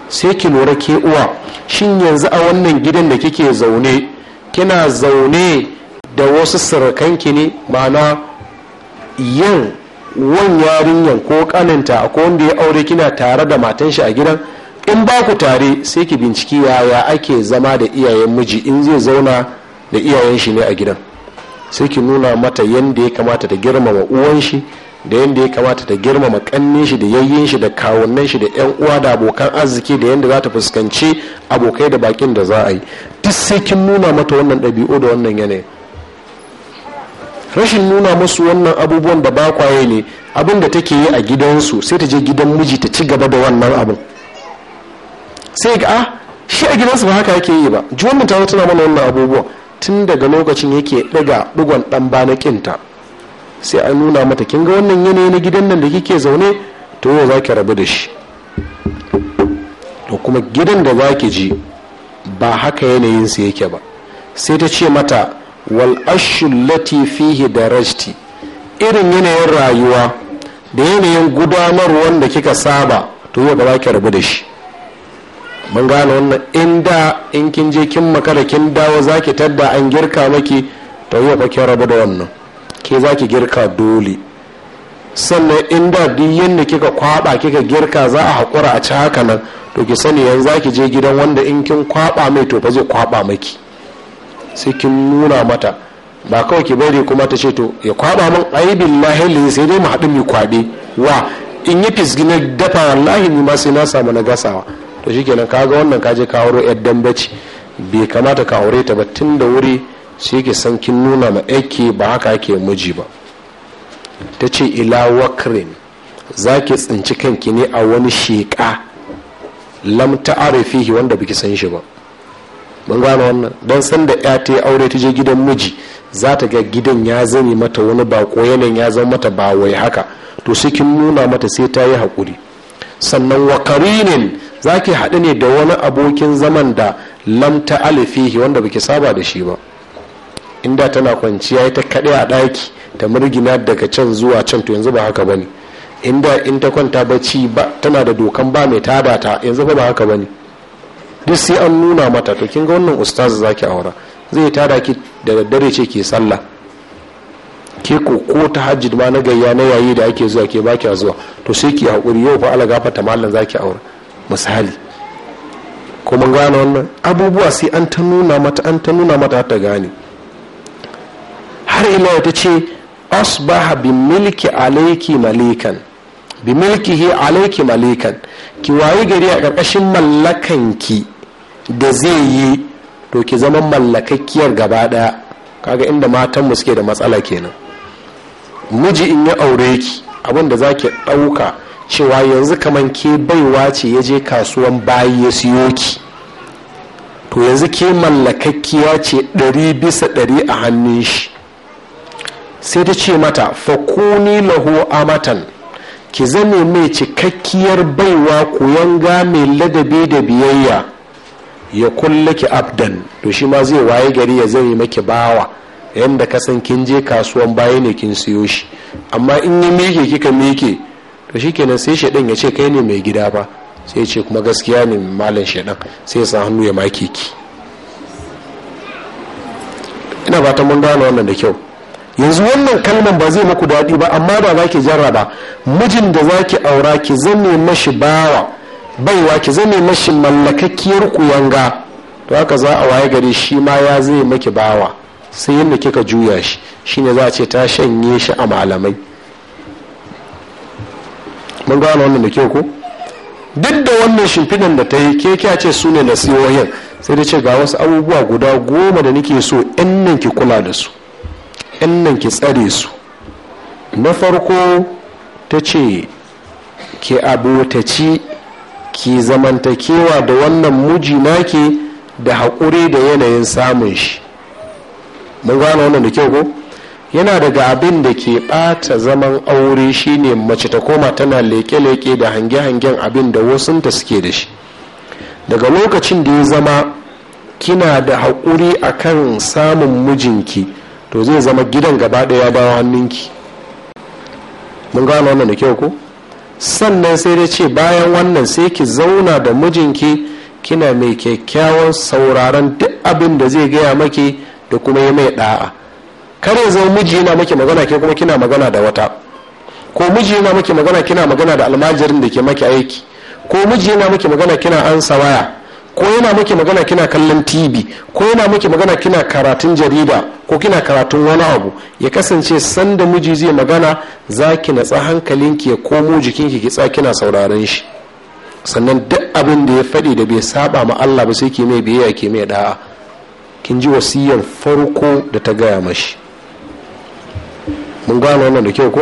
sai ki lura ke uwa shin yanzu a wannan gidan da kike zaune kina zaune da wasu surukanki ne mana yin wan yarinyan ko kaninta ko wanda ya aure kina tare da matan shi a gidan in ba ku tare sai ki binciki yaya ake zama da iyayen miji in zai zauna da iyayen shi ne a gidan sai ki nuna mata yadda ya kamata ta girmama uwan shi da yadda ya kamata ta girmama kannin shi da yayyin shi da kawunan shi da yan uwa da abokan arziki da yadda za ta fuskanci abokai da bakin da za a yi duk sai kin nuna mata wannan ɗabi'u da wannan yanayi rashin nuna musu wannan abubuwan da bakwaye ne abin da take yi a gidansu sai ta je gidan miji ta ci gaba da wannan abin sai ga a ah, shi a gidansu ba haka yake yi ba ji wannan ta tana mana wannan abubuwan tun daga lokacin yake ɗiga ɗigon ɗan ba na sai an nuna mata kin ga wannan yanayi na gidan nan da kike zaune to yau za ki rabu da shi to kuma gidan da za ki ji ba haka yanayin yanayinsa yake ba sai ta ce mata wal ashullati fihi da irin yanayin rayuwa da yanayin gudanarwar da kika saba to yau ba ki rabu da shi mun gane wannan inda in kin je kin makara kin dawo zaki tadda an girka maki to yau fa kin rabu da wannan ke zaki girka dole sannan inda duk yadda kika kwaba kika girka za a haƙura a ci haka nan to ki sani yanzu zaki je gidan wanda in kin kwaba mai to fa zai kwaba maki sai kin nuna mata ba kawai ki bari kuma ta ce to ya kwaba min aibin billahi sai dai mu haɗu mu kwabe wa in yi fisgi dafa wallahi ni ma sai na samu na gasawa to shikenan kaga wannan kaje ka auro yar dambaci bai kamata ka aure ta ba tun da wuri sai ke san kin nuna ma yake ba haka yake miji ba ta ce ila wakrin za ki tsinci kanki ne a wani sheka lam arifihi wanda biki san shi ba mun gane wannan don san da ya ta aure ta je gidan miji za ta ga gidan ya zame mata wani bako yanayin ya zama mata ba wai haka to sai kin nuna mata sai ta yi haƙuri sannan wakarinin za ki haɗu ne da wani abokin zaman da lamta alifihi wanda baki saba da shi ba inda tana kwanciya ta kaɗai a ɗaki ta murgina daga can zuwa can to yanzu ba haka bane inda in ta kwanta bacci ba tana da dokan ba mai tada ta yanzu ba haka bane duk sai an nuna mata to kin ga wannan ustaz zaki aura zai tada ki da daddare ce ke sallah ke ko ko ta hajji ma na gayya na yayi da ake zuwa ke baki zuwa to sai ki hakuri yau fa ala gafa mallan zaki aura misali ko gane wannan abubuwa sai an ta nuna mata an ta nuna mata ta gane har ila ta ce asbaha bi milki alayki malikan bi hi alayki malikan ki wayi gari a mallakan ki da zai yi to ki zama mallakakkiyar gaba ɗaya kaga inda matan mu suke da matsala kenan miji in ya aure ki abin da zaki ɗauka cewa yanzu kamar ke baiwa ce ya je kasuwan bayi ya siyo ki to yanzu ke mallakakkiya ce ɗari bisa ɗari a hannun shi sai ta ce mata fakuni lahu amatan ki zame mai cikakkiyar baiwa ku yanga mai ladabi da biyayya ya kulle ki abdan to shi ma zai waye gari ya zame maki bawa yadda kasan kin je kasuwan baya ne kin siyo shi amma in ya mike kika mike to shikenan sai shaɗan ya ce kai ne mai gida ba sai ce kuma gaskiya ne malam shaɗan sai sa hannu ya make ki ina fatan mun gane wannan da kyau yanzu wannan kalman ba zai muku daɗi ba amma da zaki ki mijin da za ki aura ki zame mashi bawa baiwa ki zame mashi mallakakkiyar kuyanga to haka za a waye gari shi ma ya zai maki bawa sai yadda kika juya shi shi shine za a ce ta shanye shi a malamai mun gano wannan da kyau ko duk da wannan shimfidan da ta yi ke kya ce su ne nasihohin sai da ce ga wasu abubuwa guda goma da nake so yan nan ki kula da su yan nan ki tsare su na farko ta ce ki abotaci ki zamantakewa da wannan muji nake da haƙuri da yanayin samun shi mun gano wannan da kyau ko yana daga abin da ke ɓata zaman aure shine mace ta koma tana leke-leke da hange-hangen abin da wasunta suke da shi daga lokacin da ya zama kina da haƙuri akan samun mijinki to zai zama gidan gaba ɗaya ya dawo hannunki mun gano wannan da kyau ko sannan sai dai ce bayan wannan sai ki zauna da mijinki kina mai kyakkyawan sauraron duk abin da zai gaya maki da kuma yi mai ɗa'a kar ya zama miji yana maki magana ke kuma kina magana da wata ko miji yana maki magana kina magana da almajirin da ke maki aiki ko miji yana maki magana kina ansa waya ko yana maki magana kina kallon tv ko yana maki magana kina karatun jarida ko kina karatun wani abu ya kasance sanda miji zai magana za ki natsa hankalinki ya komo jikinki ki tsa kina sauraron shi sannan duk abin da ya faɗi da bai saba ma Allah ba sai ki mai biyayya ki mai da'a kin ji wasiyar farko da ta gaya mashi mun gano wannan da kyau ko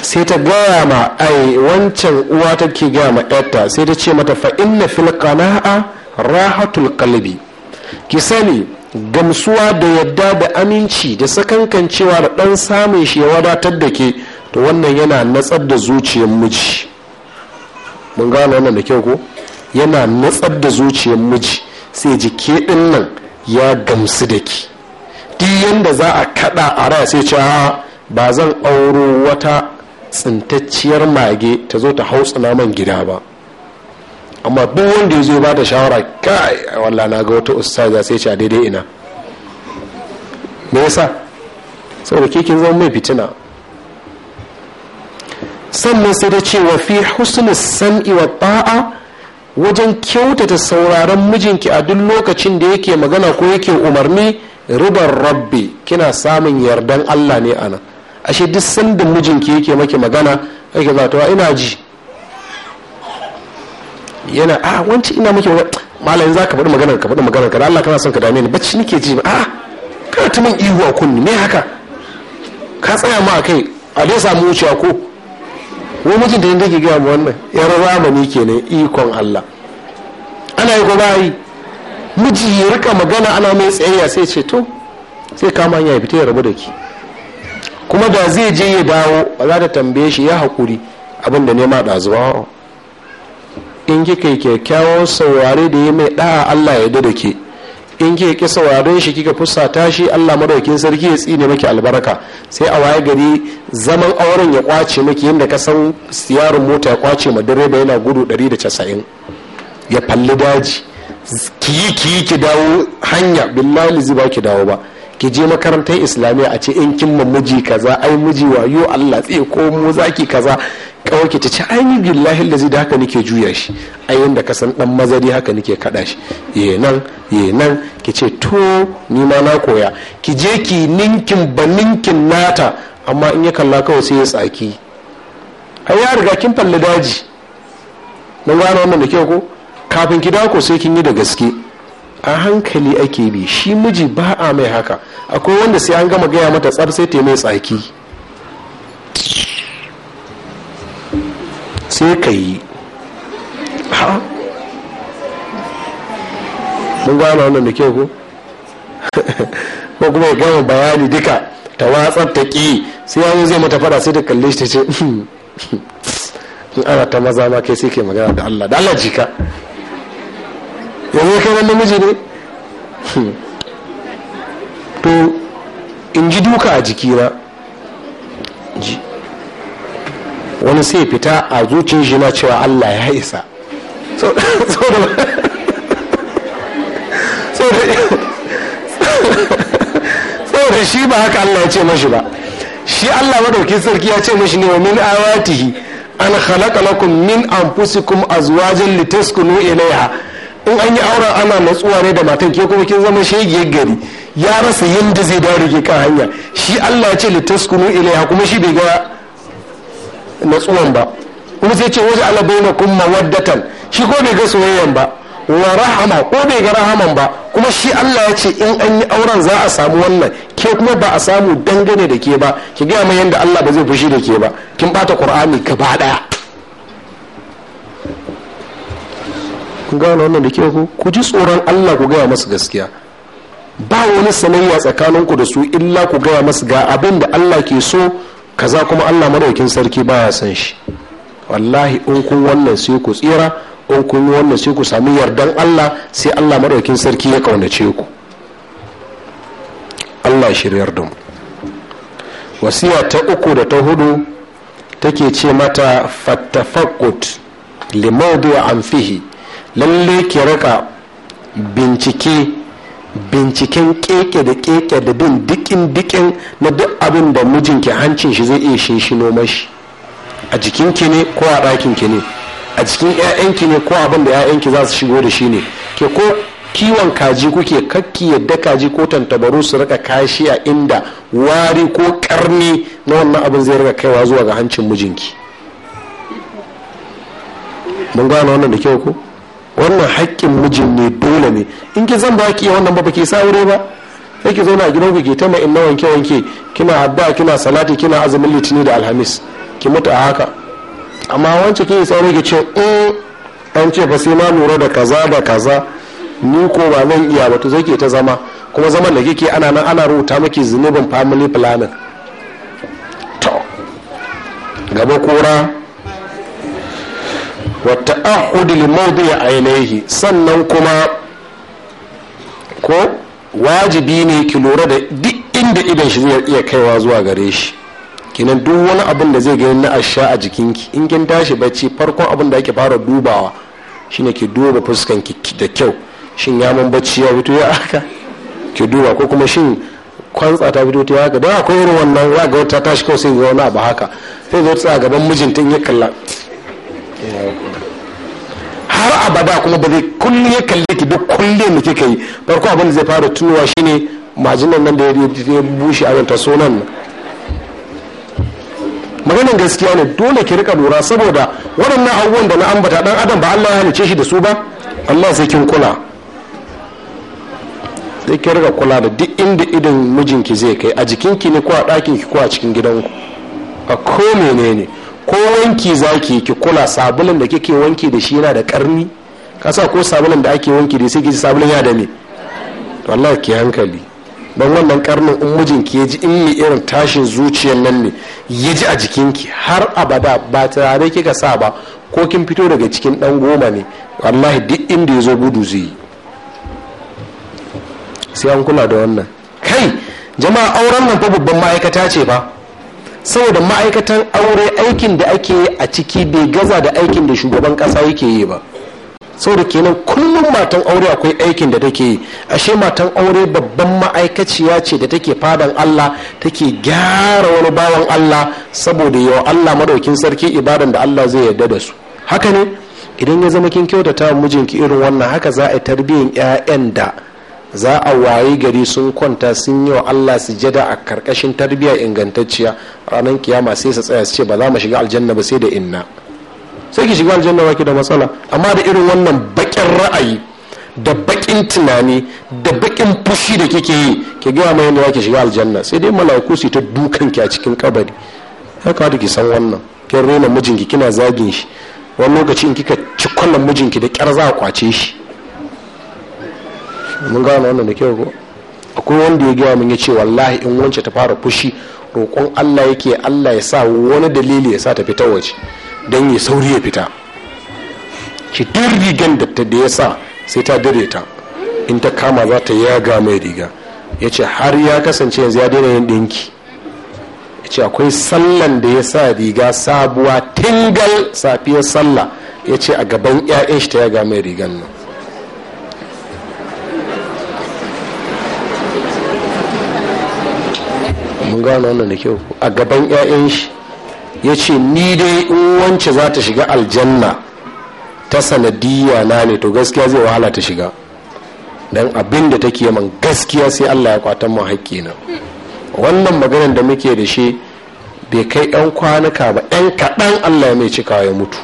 sai ta gaya ma ai wancan uwa ta ke gaya ma yarta sai ta ce mata fa inna fil qana'a rahatul qalbi ki sani gamsuwa da yadda da aminci da sakankancewa da ɗan samun shi ya wadatar da ke to wannan yana natsar da zuciyar miji mun gano wannan da kyau ko yana natsar da zuciyar miji sai jiki ɗinnan nan ya gamsu da ki duk yanda za a kada a raya sai ce ba zan auro wata tsintacciyar mage ta zo ta hau man gida ba amma duk wanda ya zo ba da shawara kai wallah na ga wata ustaza sai ce a daidai ina me yasa saboda ke zama mai fitina sannan sai da cewa fi husnul sam'i wa ta'a wajen kyautata sauraron mijinki a duk lokacin da yake magana ko yake umarni ribar rabbi kina samun yardan allah ne ana ashe duk sanda mijinki yake maki magana yake zatawa ina ji yana a ah, wancan ina maki magana malayin za ka faɗi maganar ka faɗi maganar ka da allah kana son ka dame ni bacci nike ji a ah, kana ta min ihu a kunni me haka ka tsaya ma kai a dai samu wucewa ko wani mijinta ne yake gaya mu wannan yar zamani kenan ikon allah ana yi ko ba miji ya rika magana ana mai tsayayya sai ce to sai kama ya fita ya rabu da ki kuma da zai je ya dawo ba za ta tambaye shi ya haƙuri abin da nema ɗazuwa in ki kai kyakkyawan saurare da ya mai ɗaya allah ya da ke in ki ki sauraron shi kika fusata shi allah madaukin sarki ya tsine maki albarka sai a waye gari zaman auren ya kwace maki yadda ka san siyarin mota ya kwace ma direba yana gudu 190 ya falli daji ki yi ki yi ki dawo hanya billahi lizi ba ki dawo ba ki je makarantar islamiyya a ce in kin ma miji kaza ai miji wayo Allah tsaye ko mu zaki kaza kawai ki tace ai ni billahi lizi da haka nake juya shi ai yanda ka san dan mazari haka nake kada shi ye nan ye nan ki ce to ni ma na koya ki je ki ninkin ba ninkin nata amma in ya kalla kawai sai ya tsaki ai ya riga kin falli daji mun gano wannan da ke ko kafin ki dako sai kin yi da gaske a hankali ake bi shi miji ba a mai haka akwai wanda sai an gama gaya mata tsar sai ta mai tsaki sai ka yi ha mun gano wannan da kyau ko ko kuma ya gama bayani duka ta watsar ta ki sai yanzu zai mata fada sai ta kalle shi ta ce hmm. in ana ta maza ma kai sai ke magana da Allah da Allah jika yanzu kai nan namiji ne hmm. to in ji duka a jikina ji wani sai fita a zuci shi na cewa allah ya isa da shi ba haka allah ya ce mashi ba shi allah madauki sarki ya ce mashi ne wa min ayatihi an khalaqa lakum min anfusikum azwajan litaskunu ilayha in an yi auren ana matsuwa ne da matan ke kuma kin zama shegiyar gari ya rasa yadda zai dawo ke kan hanya shi Allah ya ce litaskunu ilaiha kuma shi bai ga matsuwan ba kuma sai ce waje ala bainakum mawaddatan shi ko bai ga soyayyan ba wa rahama ko bai ga rahaman ba kuma shi Allah ya ce in an yi auren za a samu wannan ke kuma ba a samu dangane da ke ba ki gaya mai yadda Allah ba zai fushi da ke ba kin bata Qur'ani gaba daya kun gane wannan da ke ku ku ji tsoron Allah ku gaya masu gaskiya ba wani sanayya tsakanin ku da su illa ku gaya masu ga abin da Allah ke so kaza kuma Allah madaukin sarki baya san shi wallahi in kun wannan sai ku tsira in kun wannan sai ku sami yardan Allah sai Allah madaukin sarki ya kaunace ku Allah shiryar da mu wasiya ta uku da ta hudu take ce mata fattafakut limaudu wa amfihi lalle ki raka bincike binciken keke da keke da bin dikin dikin na duk abin da mijinki hancin shi zai iya shi shi noma shi a jikinki ne ko a ɗakinki ne a cikin 'ya'yanki ne ko abin da 'ya'yanki za su shigo da shi ne ke ko kiwon kaji kuke kakki yadda kaji ko tantabaru su rika kashi a inda wari ko karni na wannan abin zai rika kaiwa zuwa ga hancin mijinki mun gane wannan da kyau ko wannan haƙƙin mijin ne dole ne in ki zan baki wannan ba baki wuri ba sai ki zauna a ku ke ta mai inna wanke wanke kina hadda kina salati kina azumin litini da alhamis ki mutu a haka amma wancan ki sai ki ce eh, an ce ba sai ma lura da kaza da kaza ni ko ba zan iya ba to zai ke ta zama kuma zaman da kike ana nan ana rubuta miki zinubin family planning gaba kora wa ta'ahud li a ainihi sannan kuma ko wajibi ne ki lura da duk inda idan shi zai iya kaiwa zuwa gare shi kenan duk wani abin da zai gani na asha a jikinki in kin tashi bacci farkon abin da ake fara dubawa shine ki duba fuskan ki da kyau shin yaman bacci ya fito ya haka ki duba ko kuma shin kwantsa ta fito ta haka da akwai irin wannan za ga wata tashi kawai sai ga wani abu haka sai zo ta gaban mijinta ya kalla har abada kuma ba zai kulle ya kalle ki duk kulle mu kika yi farko abin da zai fara tunowa shine majinan nan da ya bushe a ta sonan maganin gaskiya ne dole ki rika lura saboda waɗannan abubuwan da na ambata dan adam ba Allah ya halice shi da su ba Allah sai kin kula sai ki rika kula da duk inda idan mijinki zai kai a jikinki ne ko a ɗakin ko a cikin gidanku a ko menene ne ko wanki zaki ki kula sabulun da kike wanki da shi yana da karni kasa ko sabulun da ake wanki da sai ki sabulun ya da me wallahi ki hankali don wannan karnin in mijinki ya ji in mi irin tashin zuciyar nan ne ya ji a jikinki har abada ba tare kika sa ba ko kin fito daga cikin dan goma ne wallahi duk inda ya zo gudu zai yi sai an kula da wannan kai jama'a auren nan fa babban ma'aikata ce ba saboda ma'aikatan aure aikin da ake yi a ciki bai gaza da aikin da shugaban kasa yake yi ba saboda kenan kullum matan aure akwai aikin da take yi ashe matan aure babban ma'aikaciya ce da take fadan Allah take gyara wani bawan Allah saboda yawa Allah madaukin sarki ibadan da Allah zai yarda da su haka ne idan ya zama kin kyautata mijinki irin wannan haka za a tarbiyyar 'ya'yan da za a wayi gari sun kwanta sun yi wa Allah su jada a karkashin tarbiyya ingantacciya ranar kiyama sai su tsaya su ce ba za mu shiga aljanna ba sai da inna sai ki shiga aljanna ba ki da matsala amma da irin wannan bakin ra'ayi da bakin tunani da bakin fushi da kike yi ki gaya mai yadda ki shiga aljanna sai dai malaku su ta dukan ki a cikin kabari haka da ki san wannan kin rena mijinki kina zagin shi wani lokaci in kika ci kwallon mijinki da kyar za a kwace shi mun gano wannan da kyau ko akwai wanda ya gaya min ya ce wallahi in wance ta fara fushi roƙon Allah yake Allah ya sa wani dalili ya sa ta fita waje don ya sauri ya fita ki duk rigan da ta da ya sa sai ta dare ta in ta kama za ta yaga mai riga ya ce har ya kasance yanzu ya daina yin dinki ya ce akwai sallan da ya sa riga sabuwa tingal safiyar sallah ya ce a gaban 'ya'yan shi ta yaga mai rigan nan mun gano wannan da kyau a gaban 'ya'yan shi ya ce ni dai in wance za ta shiga aljanna ta sanadiyya na ne to gaskiya zai wahala ta shiga don abin da take man gaskiya sai allah ya kwata mu haƙƙi na wannan maganar da muke da shi bai kai 'yan kwanuka ba 'yan kaɗan allah ya mai cika ya mutu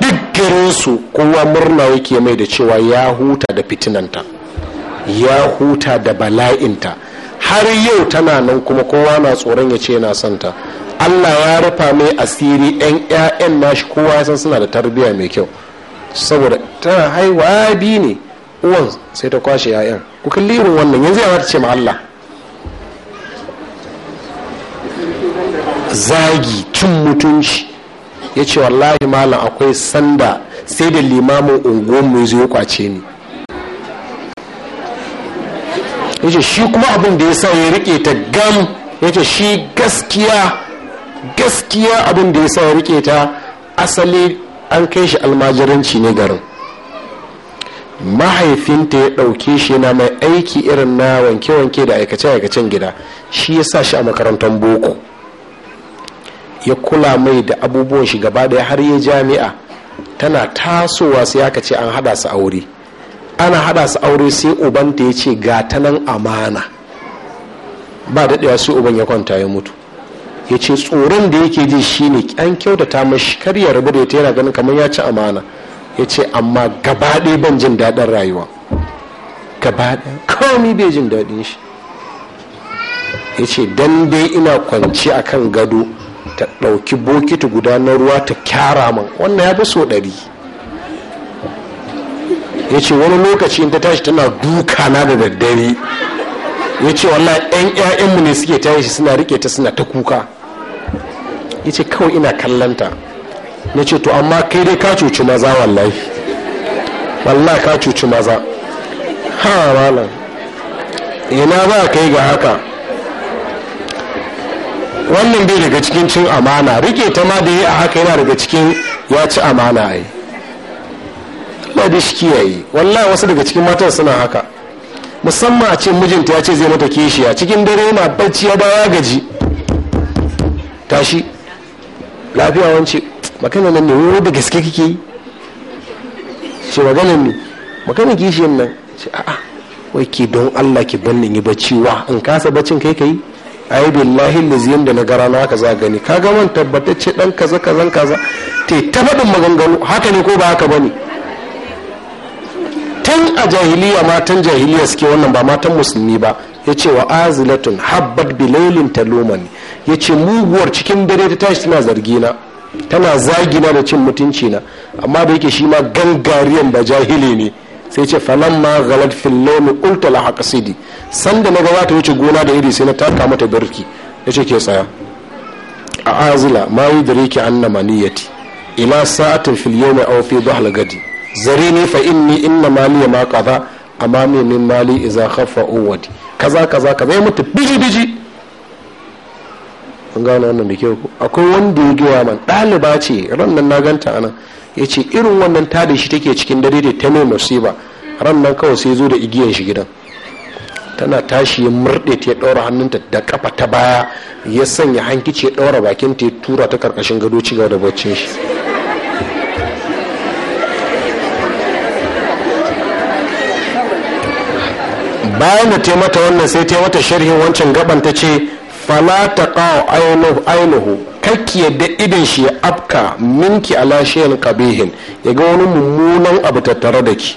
duk garinsu kowa murna yake mai da cewa ya huta da fitinanta ya huta da bala'inta har yau tana nan kuma kowa na tsoron ya ce yana santa allah ya rufa mai asiri yan 'ya'yan nashi kowa ya san suna da tarbiyya mai kyau saboda tana haihuwa biyu ne uwan sai ta kwashe 'ya'yan ku kalli wannan yanzu ya ce ma allah zagi cin mutunci ya ce wallahi malam akwai sanda sai da limamin unguwanmu ya zo ya kwace ni yace shi kuma abin da ya sa ya rike ta gam yace shi gaskiya gaskiya abin da ya sa ya rike ta asali an kai shi almajiranci ne garin mahaifinta ya ɗauke shi yana mai aiki irin na wanke-wanke da aikace-aikacen gida shi ya sa shi a makarantar boko ya kula mai da abubuwan shi gaba ɗaya har ya jami'a tana tasowa sai aka ce an haɗa su aure ana hada su aure sai ubanta ya ce ga nan amana ba daɗewa sai uban ya kwanta ya mutu ya ce tsoron da yake ji shine an kyautata mashi kar ya rabu da ya yana ganin kamar ya ci amana ya ce amma gabaɗe ban jin daɗin rayuwa gabaɗe kawai komi bai jin daɗin shi ya ce dan dai ina kwanci a kan gado ta ɗauki bokiti guda na ruwa ta kyara man wannan ya fi so ɗari ya ce wani lokaci in ta tashi tana duka na da daddare ya ce wallahi 'yan 'ya'yanmu ne suke tashi suna rike ta suna ta kuka ya ce kawai ina kallanta na ce to amma kai dai ka cuci maza wallahi wallahi ka cuci maza ha malam ina ba kai ga haka wannan bai daga cikin cin amana rike ta ma da yi a haka yana daga cikin ya ci amana ai Allah da shi kiyaye wallahi wasu daga cikin matan suna haka musamman a ce mijinta ya ce zai mata kishiya cikin dare yana bacci ya dawa gaji tashi lafiya wance magana nan ne wuri da gaske kike yi ce magana ne magana kishiyan nan ce a'a wai ke don Allah ki bannin yi bacci wa in kasa baccin kai kai ai billahi lazim da na gara na haka za gani kaga man tabbatacce dan kaza kaza kaza te ta faɗin maganganu haka ne ko ba haka bane tun a jahiliya matan jahiliya suke wannan ba matan musulmi ba ya ce wa azilatun habbat bilailin talomani ya ce muguwar cikin dare ta tashi tana na tana zagina da cin mutunci na amma da yake shi ma gangariyan ba jahili ne sai ce falan ma galat fillomi ultala haka sidi sanda na gabata wuce gona da iri sai na taka mata birki ya ce ke tsaya a azila ma yi da rike na niyyati ila sa'atin fil a wafi ba zarini fa inni inna mali ma kaza amma me min mali iza khaffa uwadi kaza kaza kaza ya mutu biji biji an gano wannan da ke ku akwai wanda ya gaya man ɗaliba ce ran nan na ganta anan ya ce irin wannan da shi take cikin dare da ta mai musiba ran nan kawai sai zo da igiyar shi gidan tana tashi ya murɗe ta ya ɗaura hannunta da kafa ta baya ya sanya hankici ya ɗaura bakin ta ya tura ta karkashin gado ci gaba da baccin shi bayan da taimata wannan sai ta mata sharhin wancan gaban ta ce fala taqaw ainihu kakki yadda idan shi ya afka minki ala shay'in kabihin ya ga wani mummunan abu tattare da ki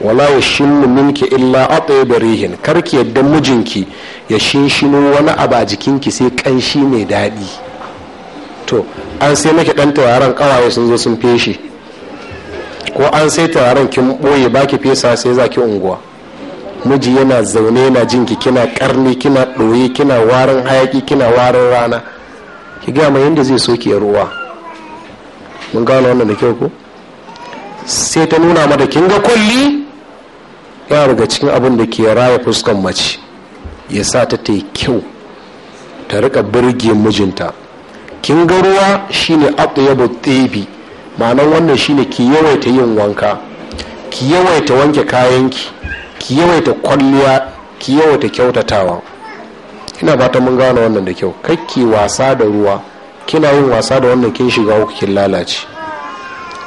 wala ya shinnu minki illa a da rihin karki yadda mijinki ya shinshino wani abu a jikinki sai kanshi mai daɗi to an sai maki ɗan tawaran kawaye sun zo sun feshe ko an sai tawaran kin ɓoye baki fesa sai zaki unguwa miji yana zaune yana jinki kina karni kina ɗoye kina warin hayaki kina warin rana ki gaya mai yadda zai soke ruwa mun gano wannan da kyau ko sai ta nuna mata kin ga kulli ya daga cikin abin da ke raya fuskan mace ya sa ta ta kyau ta rika birge mijinta kin ga ruwa shine atyabu tibi ma'anar wannan shine ki yawaita yin wanka ki yawaita wanke kayanki ki yawaita kwalliya ki yawaita kyautatawa ina ba ta mun gane wannan da kyau kakki wasa da ruwa kina yin wasa da wannan kin shiga uku kin lalace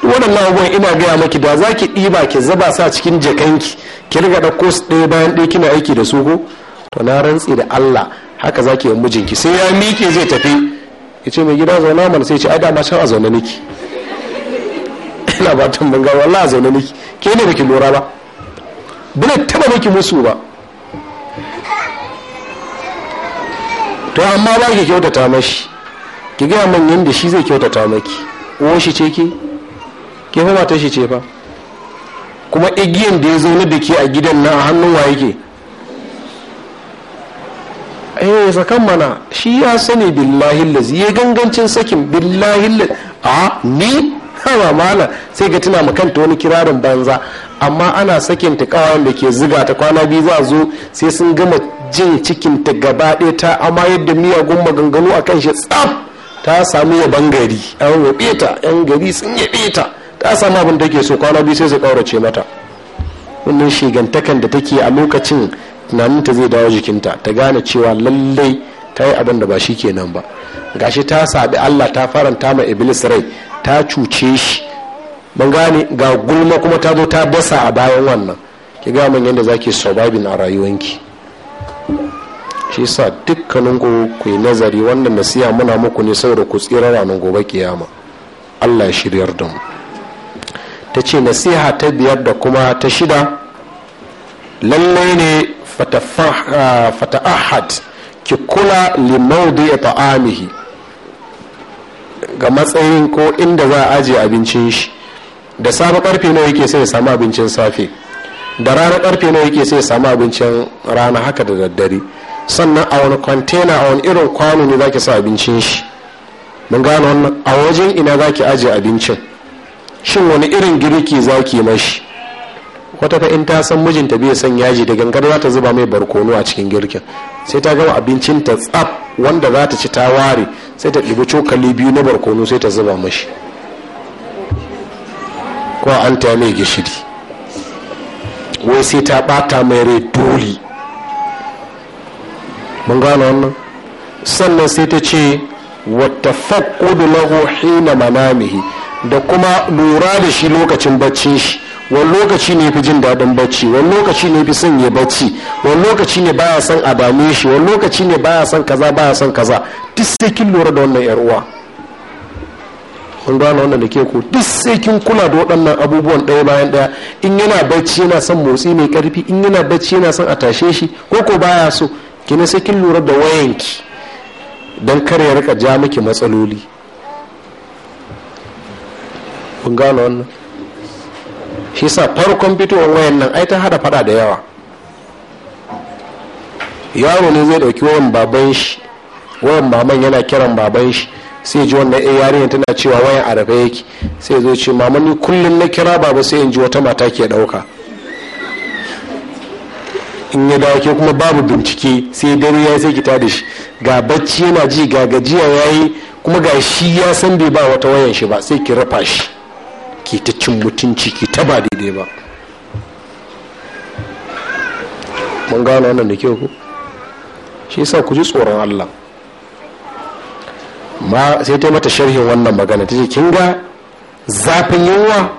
waɗannan abubuwan ina gaya maki da za ki ɗiba ki zuba sa cikin jakanki ki riga ɗauko su ɗaya bayan ɗaya kina aiki da su ko to na rantsi da Allah haka za ki yi mijinki sai ya miƙe zai tafi ya ce mai gida zauna mana sai ce ai dama can a zaune niki ina ba ta mun gano wallahi a zaune niki ke ne baki lura ba ba zai taba miki musu ba to amma ba ki kyautata mashi ki gaya man yadda shi zai kyautata maki uwan shi ce ki ke fa mata shi ce fa kuma igiyan da ya zaune da ke a gidan na a hannun wa yake eh sakan mana shi ya sani billahi lazi ya gangancin sakin billahi a ni hawa mala sai ka tuna makanta wani kirarin banza amma ana sakin ta kawayen da ke ziga ta kwana biyu za zo sai sun gama jin cikin ta gaba ɗaya ta amma yadda miyagun maganganu a kan shi tsaf ta samu yaban gari an yabe ta yan gari sun yabe ta ta samu abin da ke so kwana biyu sai su kaurace mata wannan shigantakan da take a lokacin ta zai dawo jikinta ta gane cewa lallai ta yi abin da ba shi kenan ba gashi ta saɓi allah ta faranta ma iblis rai ta cuce shi ban gane ga gulma kuma ta zo ta dasa a bayan wannan ki ga min yadda zaki surviving a rayuwanki shi sa dukkanin ku ku yi nazari wannan nasiha muna muku ne saboda ku tsira ranar gobe kiyama Allah ya shiryar da mu ta ce nasiha ta biyar da kuma ta shida lallai ne ahad ki kula limaudi ya ta'amihi ga matsayin ko inda za a ajiye abincin shi da safe karfe nawa yake sai ya samu abincin safe da rana karfe nawa yake sai ya samu abincin rana haka da daddare sannan a wani kwantena a wani irin kwano ne zaki sa abincin shi mun gane wannan a wajen ina zaki ajiye abincin shin wani irin girki zaki mashi wata fa in ta san mijinta bai san yaji da gangar za ta zuba mai barkono a cikin girkin sai ta gama abincin ta tsaf wanda za ta ci ta ware sai ta ɗibi cokali biyu na barkono sai ta zuba mashi ko an ta mai gishiri wai sai ta bata mai rai dole mun gano wannan sannan sai ta ce wata faƙudu lahu hina manamihi da kuma lura da shi lokacin bacci shi wani lokaci ne fi jin daɗin bacci wani lokaci ne fi son ya bacci wani lokaci ne baya son a dame shi wani lokaci ne baya son kaza baya son kaza duk sai kin lura da wannan yar uwa kun gane wannan da ke ku duk sai kin kula da waɗannan abubuwan ɗaya bayan ɗaya in yana bacci yana son motsi mai ƙarfi in yana bacci yana son a tashe shi ko ko baya so kina sai kin lura da wayanki don kar ya rika ja miki matsaloli kun gane wannan shi sa farkon fitowar wayan nan ai ta hada fada da yawa yaro ne zai ɗauki wayan baban shi wayan maman yana kiran baban shi sai ji wannan yarinyar yarinya tana cewa wayan arabe yake sai zo ce mama ni kullum na kira baba sai in ji wata mata ke dauka in ya dawo ke kuma babu bincike sai dare ya sai kita da shi ga bacci yana ji ga gajiya ya yi kuma ga shi ya san bai ba wata wayan shi ba sai ki rafa shi ki ta cin mutunci ki ta ba daidai ba mun gano wannan da kyau ku shi yasa ku ji tsoron Allah sai ta mata sharhin wannan magana ta ce kin ga zafin yunwa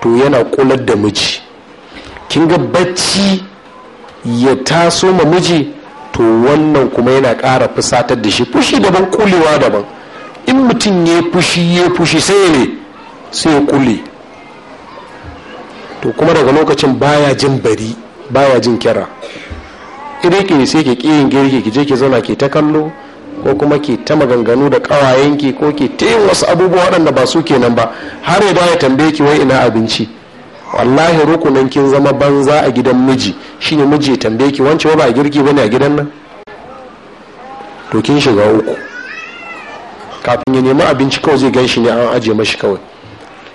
to yana kular da miji kin ga bacci ya taso ma miji to wannan kuma yana ƙara fusatar da shi fushi daban kulewa daban in mutum ya fushi ya fushi sai ne sai ya kule to kuma daga lokacin baya jin bari baya jin kira idan ke sai ke kiyin girki ki je ki zauna ke ta kallo ko kuma ke ta maganganu da ƙawayenki ko ke ta yin wasu abubuwa waɗanda ba su kenan ba har ya ya tambaye ki wai ina abinci wallahi rukunin kin zama banza a gidan miji shine miji ya tambaye ki wance ba a girki bane a gidan nan to kin shiga uku kafin ya nemi abinci kawai zai gan ne an ajiye mashi kawai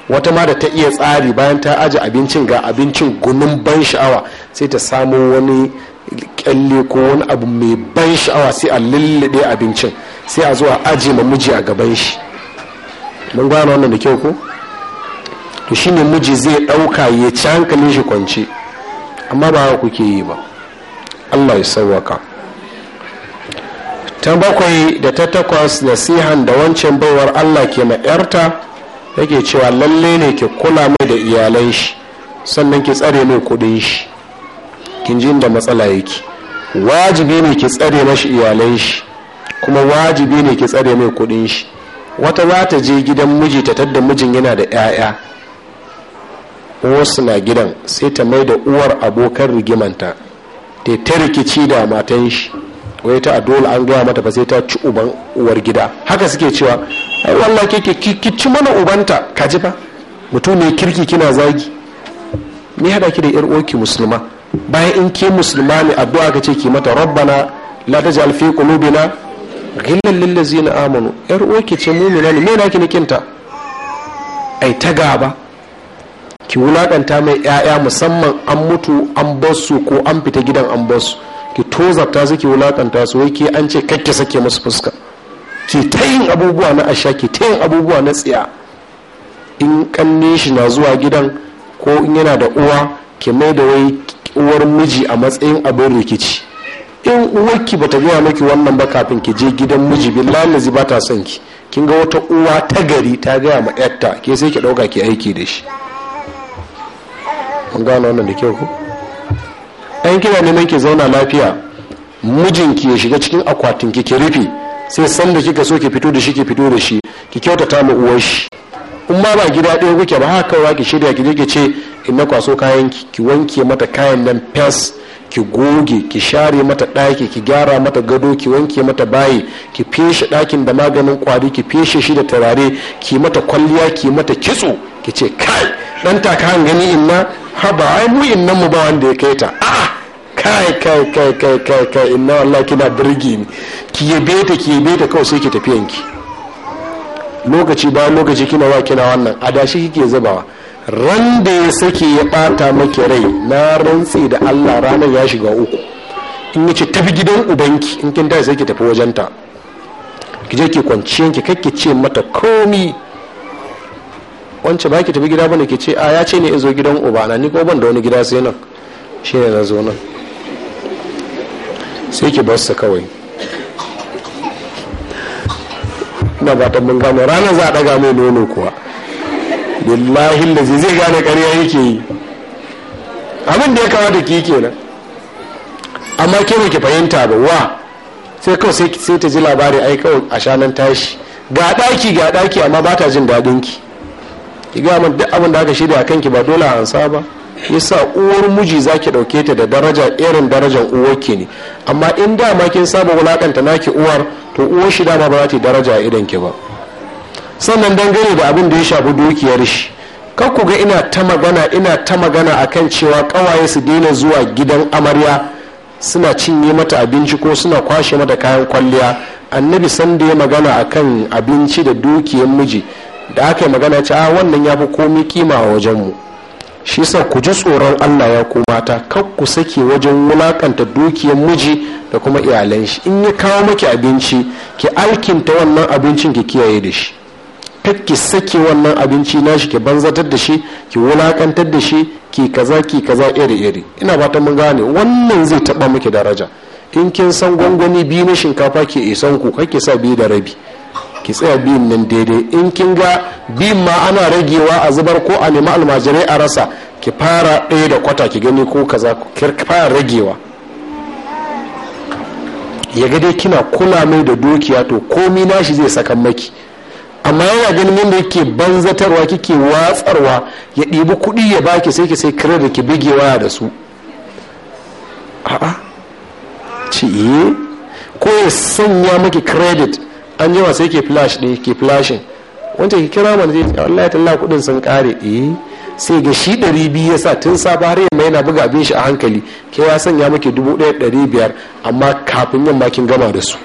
wata ma da ta iya tsari bayan ta aje abincin ga abincin gunun ban sha'awa sai ta samo wani kyalle ko wani abu mai ban sha'awa sai a lullube abincin sai a zuwa aji ma miji a gaban shi mun gano wannan da kyau ko to shine miji zai ɗauka ya ci hankalin shi kwance amma ba haka kuke yi ba allah ya sauwaka ta bakwai da ta takwas nasihan da wancan baiwar allah ke yarta yake cewa lalle ne ke kula mai da iyalan shi sannan ki tsare mai kudin shi kin ji inda matsala yake wajibi ne ki tsare mashi iyalan shi kuma wajibi ne ki tsare mai kudin shi wata za ta je gidan miji ta tadda mijin yana da 'ya'ya wasu na gidan sai ta mai da uwar abokan rigimanta ta ta rikici da matan shi wai ta dole an gaya mata ba sai ta ci uban uwar gida haka suke cewa ai wallah ke ki ci mana ubanta ka ji fa mutum ne kirki kina zagi ni hada ki da yar uwarki musulma bayan in ke musulma ne addu'a ka ce ki mata rabbana la taj'al fi qulubina ghillan lil ladzina amanu yar uwa ke ce mu'mina ne me na ki nikinta ai ta gaba ki wulakanta mai yaya musamman an mutu an basu ko an fita gidan an bar su ki tozarta su ki wulakanta su wai ke an ce kakke sake musu fuska ki ta yin abubuwa na asha ki ta yin abubuwa na tsiya in kanne shi na zuwa gidan ko in yana da uwa ki mai da wai uwar miji a matsayin abin rikici in uwarki bata gaya maki wannan ba kafin ki je gidan miji billahi ba ta son ki kin ga wata uwa ta gari ta gaya ma yarta ke sai ki dauka ki aiki da shi An gano wannan da kyau ku ɗan kina neman ki zauna lafiya mijinki ya shiga cikin akwatin ki ki rufe sai san da kika so ki fito da shi ki fito da shi ki kyautata ma uwar shi in ma ba gida ɗaya kuke ba haka kawai ki shirya ki je ki ce in na kwaso kayan ki wanke mata kayan nan fes ki goge ki share mata daki ki gyara mata gado ki wanke mata bayi ki feshe dakin da maganin kwari ki feshe shi da tarare ki mata kwalliya ki mata kitso ki ce kai Dan taka gani inna haba ai mu nan mu ba wanda ya kai ta a'a ah, kai kai kai kai kai kai inna wallahi kina birgi ni ki yabe ta ki yabe ta kawai sai ki tafi yanki lokaci bayan lokaci kina wa kina wannan adashi kike zubawa ran da ya sake ya bata maki rai na rantse da allah ranar ya shiga uku in yace tafi gidan ubanki in kin da sai ki tafi wajenta ki je ki kwanci yanki kake ce mata komi wancan ba ki tafi gida bane ki ce a ya ce ne in zo gidan na ni ko ban da wani gida sai nan shine na zo nan sai ki bar su kawai na ba ta mun gano ranar za a daga mai nono kuwa billahi da zai gane karya yake yi abin da ya da ki kenan amma ke ki fahimta ba wa sai kawai sai ta ji labari ai kawai a shanan tashi ga ɗaki ga daki amma ba ta jin daɗin ki ki ga min duk abin da aka shirya kan ki ba dole a ansa ba yasa uwar miji zaki ki ɗauke ta da daraja irin darajar uwar ki ne amma in da ma kin saba wulakanta naki uwar to uwar shi dama ba za ta daraja idan ki ba sannan dangane da abin da ya shafi dukiyar shi kar ku ga ina ta magana ina ta magana akan cewa kawaye su daina zuwa gidan amarya suna cinye mata abinci ko suna kwashe mata kayan kwalliya annabi da ya magana akan abinci da dukiyar miji da aka yi magana ce a wannan ya fi komi kima a wajenmu shi sa ku ji tsoron allah ya ku mata kar ku sake wajen wulakanta dukiyar miji da kuma iyalan shi in ya kawo maki abinci ki alkinta wannan abincin ki kiyaye da shi ki sake wannan abinci nashi ki banzatar da shi ki wulakantar da shi ki kaza ki kaza iri iri ina fatan mun gane wannan zai taba miki daraja in kin san gwangwani biyu na shinkafa ke isan ku kake sa biyu da rabi ki tsaya biyun nan daidai in kin ga biyun ma ana ragewa a zubar ko a nemi almajirai a rasa ki fara ɗaya da kwata ki gani ko kaza ki fara ragewa ya ga dai kina kula mai da dukiya to komi nashi zai sakan maki amma yana ganin yadda yake banzatarwa kike watsarwa ya ɗibi kuɗi ya baki sai ki sai kira da ki bigewa da su a'a ci iye eh. ko ya sanya maki credit an yawa sai ke flash ɗaya ke flashin wancan ki kira mana zai wallahi talla kuɗin sun ƙare eh sai ga shi ɗari biyu ya sa tun safe har yamma yana buga abin shi a hankali ke ya sanya maki dubu ɗaya ɗari biyar amma kafin yamma kin gama da su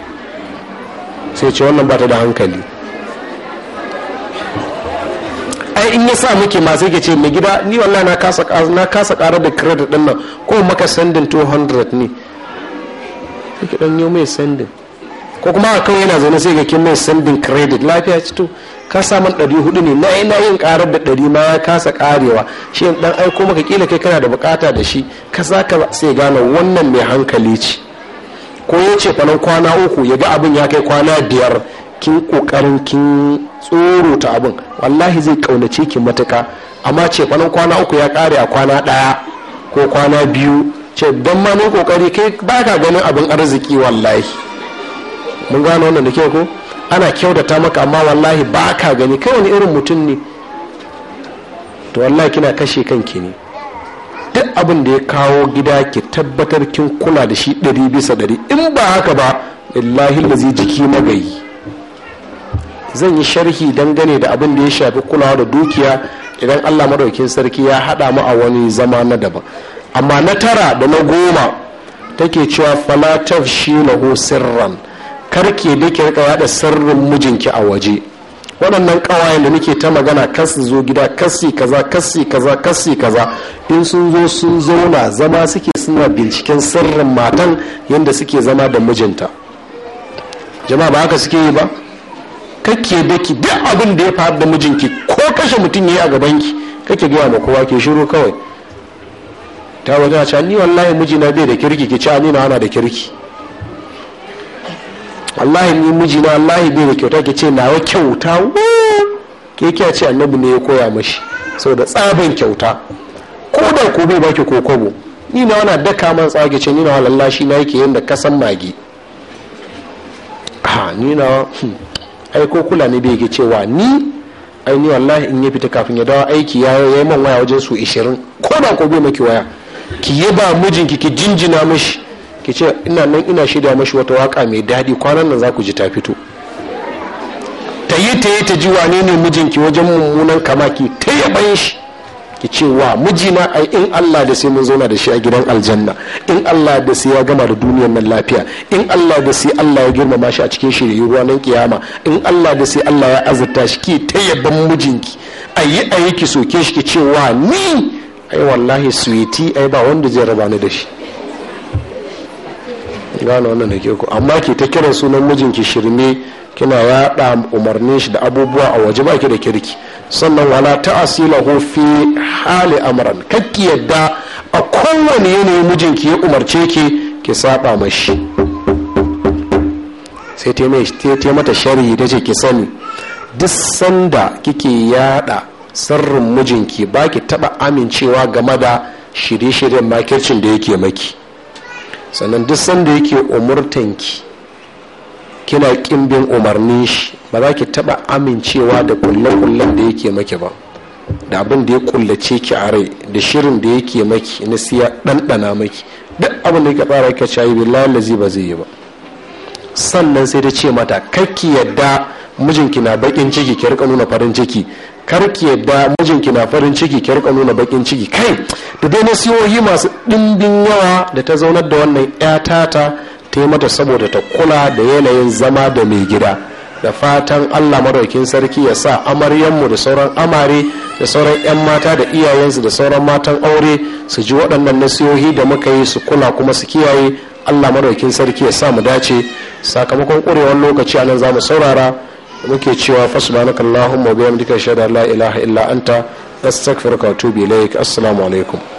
sai ce wannan ba ta da hankali in ya sa muke ma sai ke ce mai gida ni wallahi na kasa na kasa ƙara da credit din nan ko maka sendin 200 ne kike dan yau mai sendin ko kuma a yana zaune sai ga kin mai sendin credit lafiya ci to ka samun ɗari ne na ina yin ƙarar da ɗari ma ya kasa karewa shi ɗan aiko maka kila kai kana da bukata da shi ka za ka sai gane wannan mai hankali ce ko ya ce kwana uku ya ga abin ya kai kwana biyar kin kokarin kin tsorota abin wallahi zai kaunace ki matuka amma ce kwanan kwana uku ya kare a kwana ɗaya ko kwana biyu ce don ma mun kokari kai baka ganin abin arziki wallahi mun gano wannan da ke ko ana kyautata maka amma wallahi baka gani kai wani irin mutum ne to wallahi kina kashe kanki ne duk abin da ya kawo gida ki tabbatar kin kula da shi ɗari bisa ɗari in ba haka ba illahi lazi jiki magayi zan yi sharhi dangane da abin da ya shafi kulawa da dukiya idan allah madaukin sarki ya haɗa mu a wani zama na daban amma na tara da na goma take cewa falataf shi lahu sirran karke da ke rika yada sirrin mijinki a waje waɗannan ƙawayen da nake ta magana kasi zo gida kasi kaza kasi kaza kasi kaza in sun zo sun zauna zama suke suna binciken sirrin matan yadda suke zama da mijinta jama'a ba haka suke yi ba kake daki duk abin da ya faru da mijinki ko kashe mutum ya yi a ki? kake gaya ma kowa ke shiru kawai ta wajen ce ni wallahi mijina bai da kirki ki ce ni na ana da kirki wallahi ni mijina wallahi bai da kyauta ki ce nawa kyauta ke kiya ce annabi ne ya koya mashi saboda tsabin kyauta ko da ko bai baki ko kobo ni na wana daka man tsage ce ni na wallahi shi na yake yanda kasan mage ha ni na ai ko kula ne da yake cewa ni ai wallahi in ya fita kafin ya dawo aiki ya yi man waya wajen su ishirin ko ba ko bai maki waya ki yi ba mijinki ki jinjina mashi ki ce ina nan ina shirya mashi wata waka mai daɗi kwanan nan za ku ji ta fito ta yi ta yi ta ji wane ne mijinki wajen mummunan kamaki ta yaban shi ki ce wa mijina ai in Allah da sai mun zauna da shi a gidan aljanna in Allah da sai ya gama da duniyar nan lafiya in Allah da sai Allah ya girmama shi a cikin shiriyu ranar kiyama in Allah da sai Allah ya azurta shi ki ta yaban mijinki ayi ayi ki soke shi ki ce wa ni ai wallahi suwiti ai ba wanda zai raba ni da shi gano wannan da ke ku amma ke ta kiran sunan mijinki shirme kina yaɗa umarnin shi da abubuwa a waje ba ki da kirki sannan wala ta'asilahu fi hali amran kakki yadda a kowane yanayi mijinki ya umarce ki ki saba mashi sai ta yi mata shari'i da ce ki sani duk sanda kike yada sirrin mijinki ba ki taba amincewa game da shirye-shiryen makircin da yake maki sannan duk sanda yake umurtanki kina kimbin umarnin shi ba za ki taba amincewa da kulle-kullen da yake maki ba da abin da ya kullace ki a rai da shirin da yake maki na siya ɗanɗana maki duk abin da ya tsara ka bi billahi lazi ba zai yi ba sannan sai ta ce mata karki yadda mijinki na bakin ciki ki rika nuna farin ciki kar ki yadda mijinki na farin ciki ki rika nuna bakin ciki kai da dai na nasihohi masu ɗimbin yawa da ta zaunar da wannan 'ya ta ta yi mata saboda ta kula da yanayin zama da mai gida da fatan allah maraukin sarki ya sa amaryanmu da sauran amare da sauran 'yan mata da iyayensu da sauran matan aure su ji waɗannan nasihohi da muka yi su kula kuma su kiyaye allah maraukin sarki ya sa mu dace sakamakon ƙurewar lokaci a nan za mu saurara muke cewa fasubhanakallahumma wa bihamdika shada la ilaha illa anta astaghfiruka wa atubu assalamu alaikum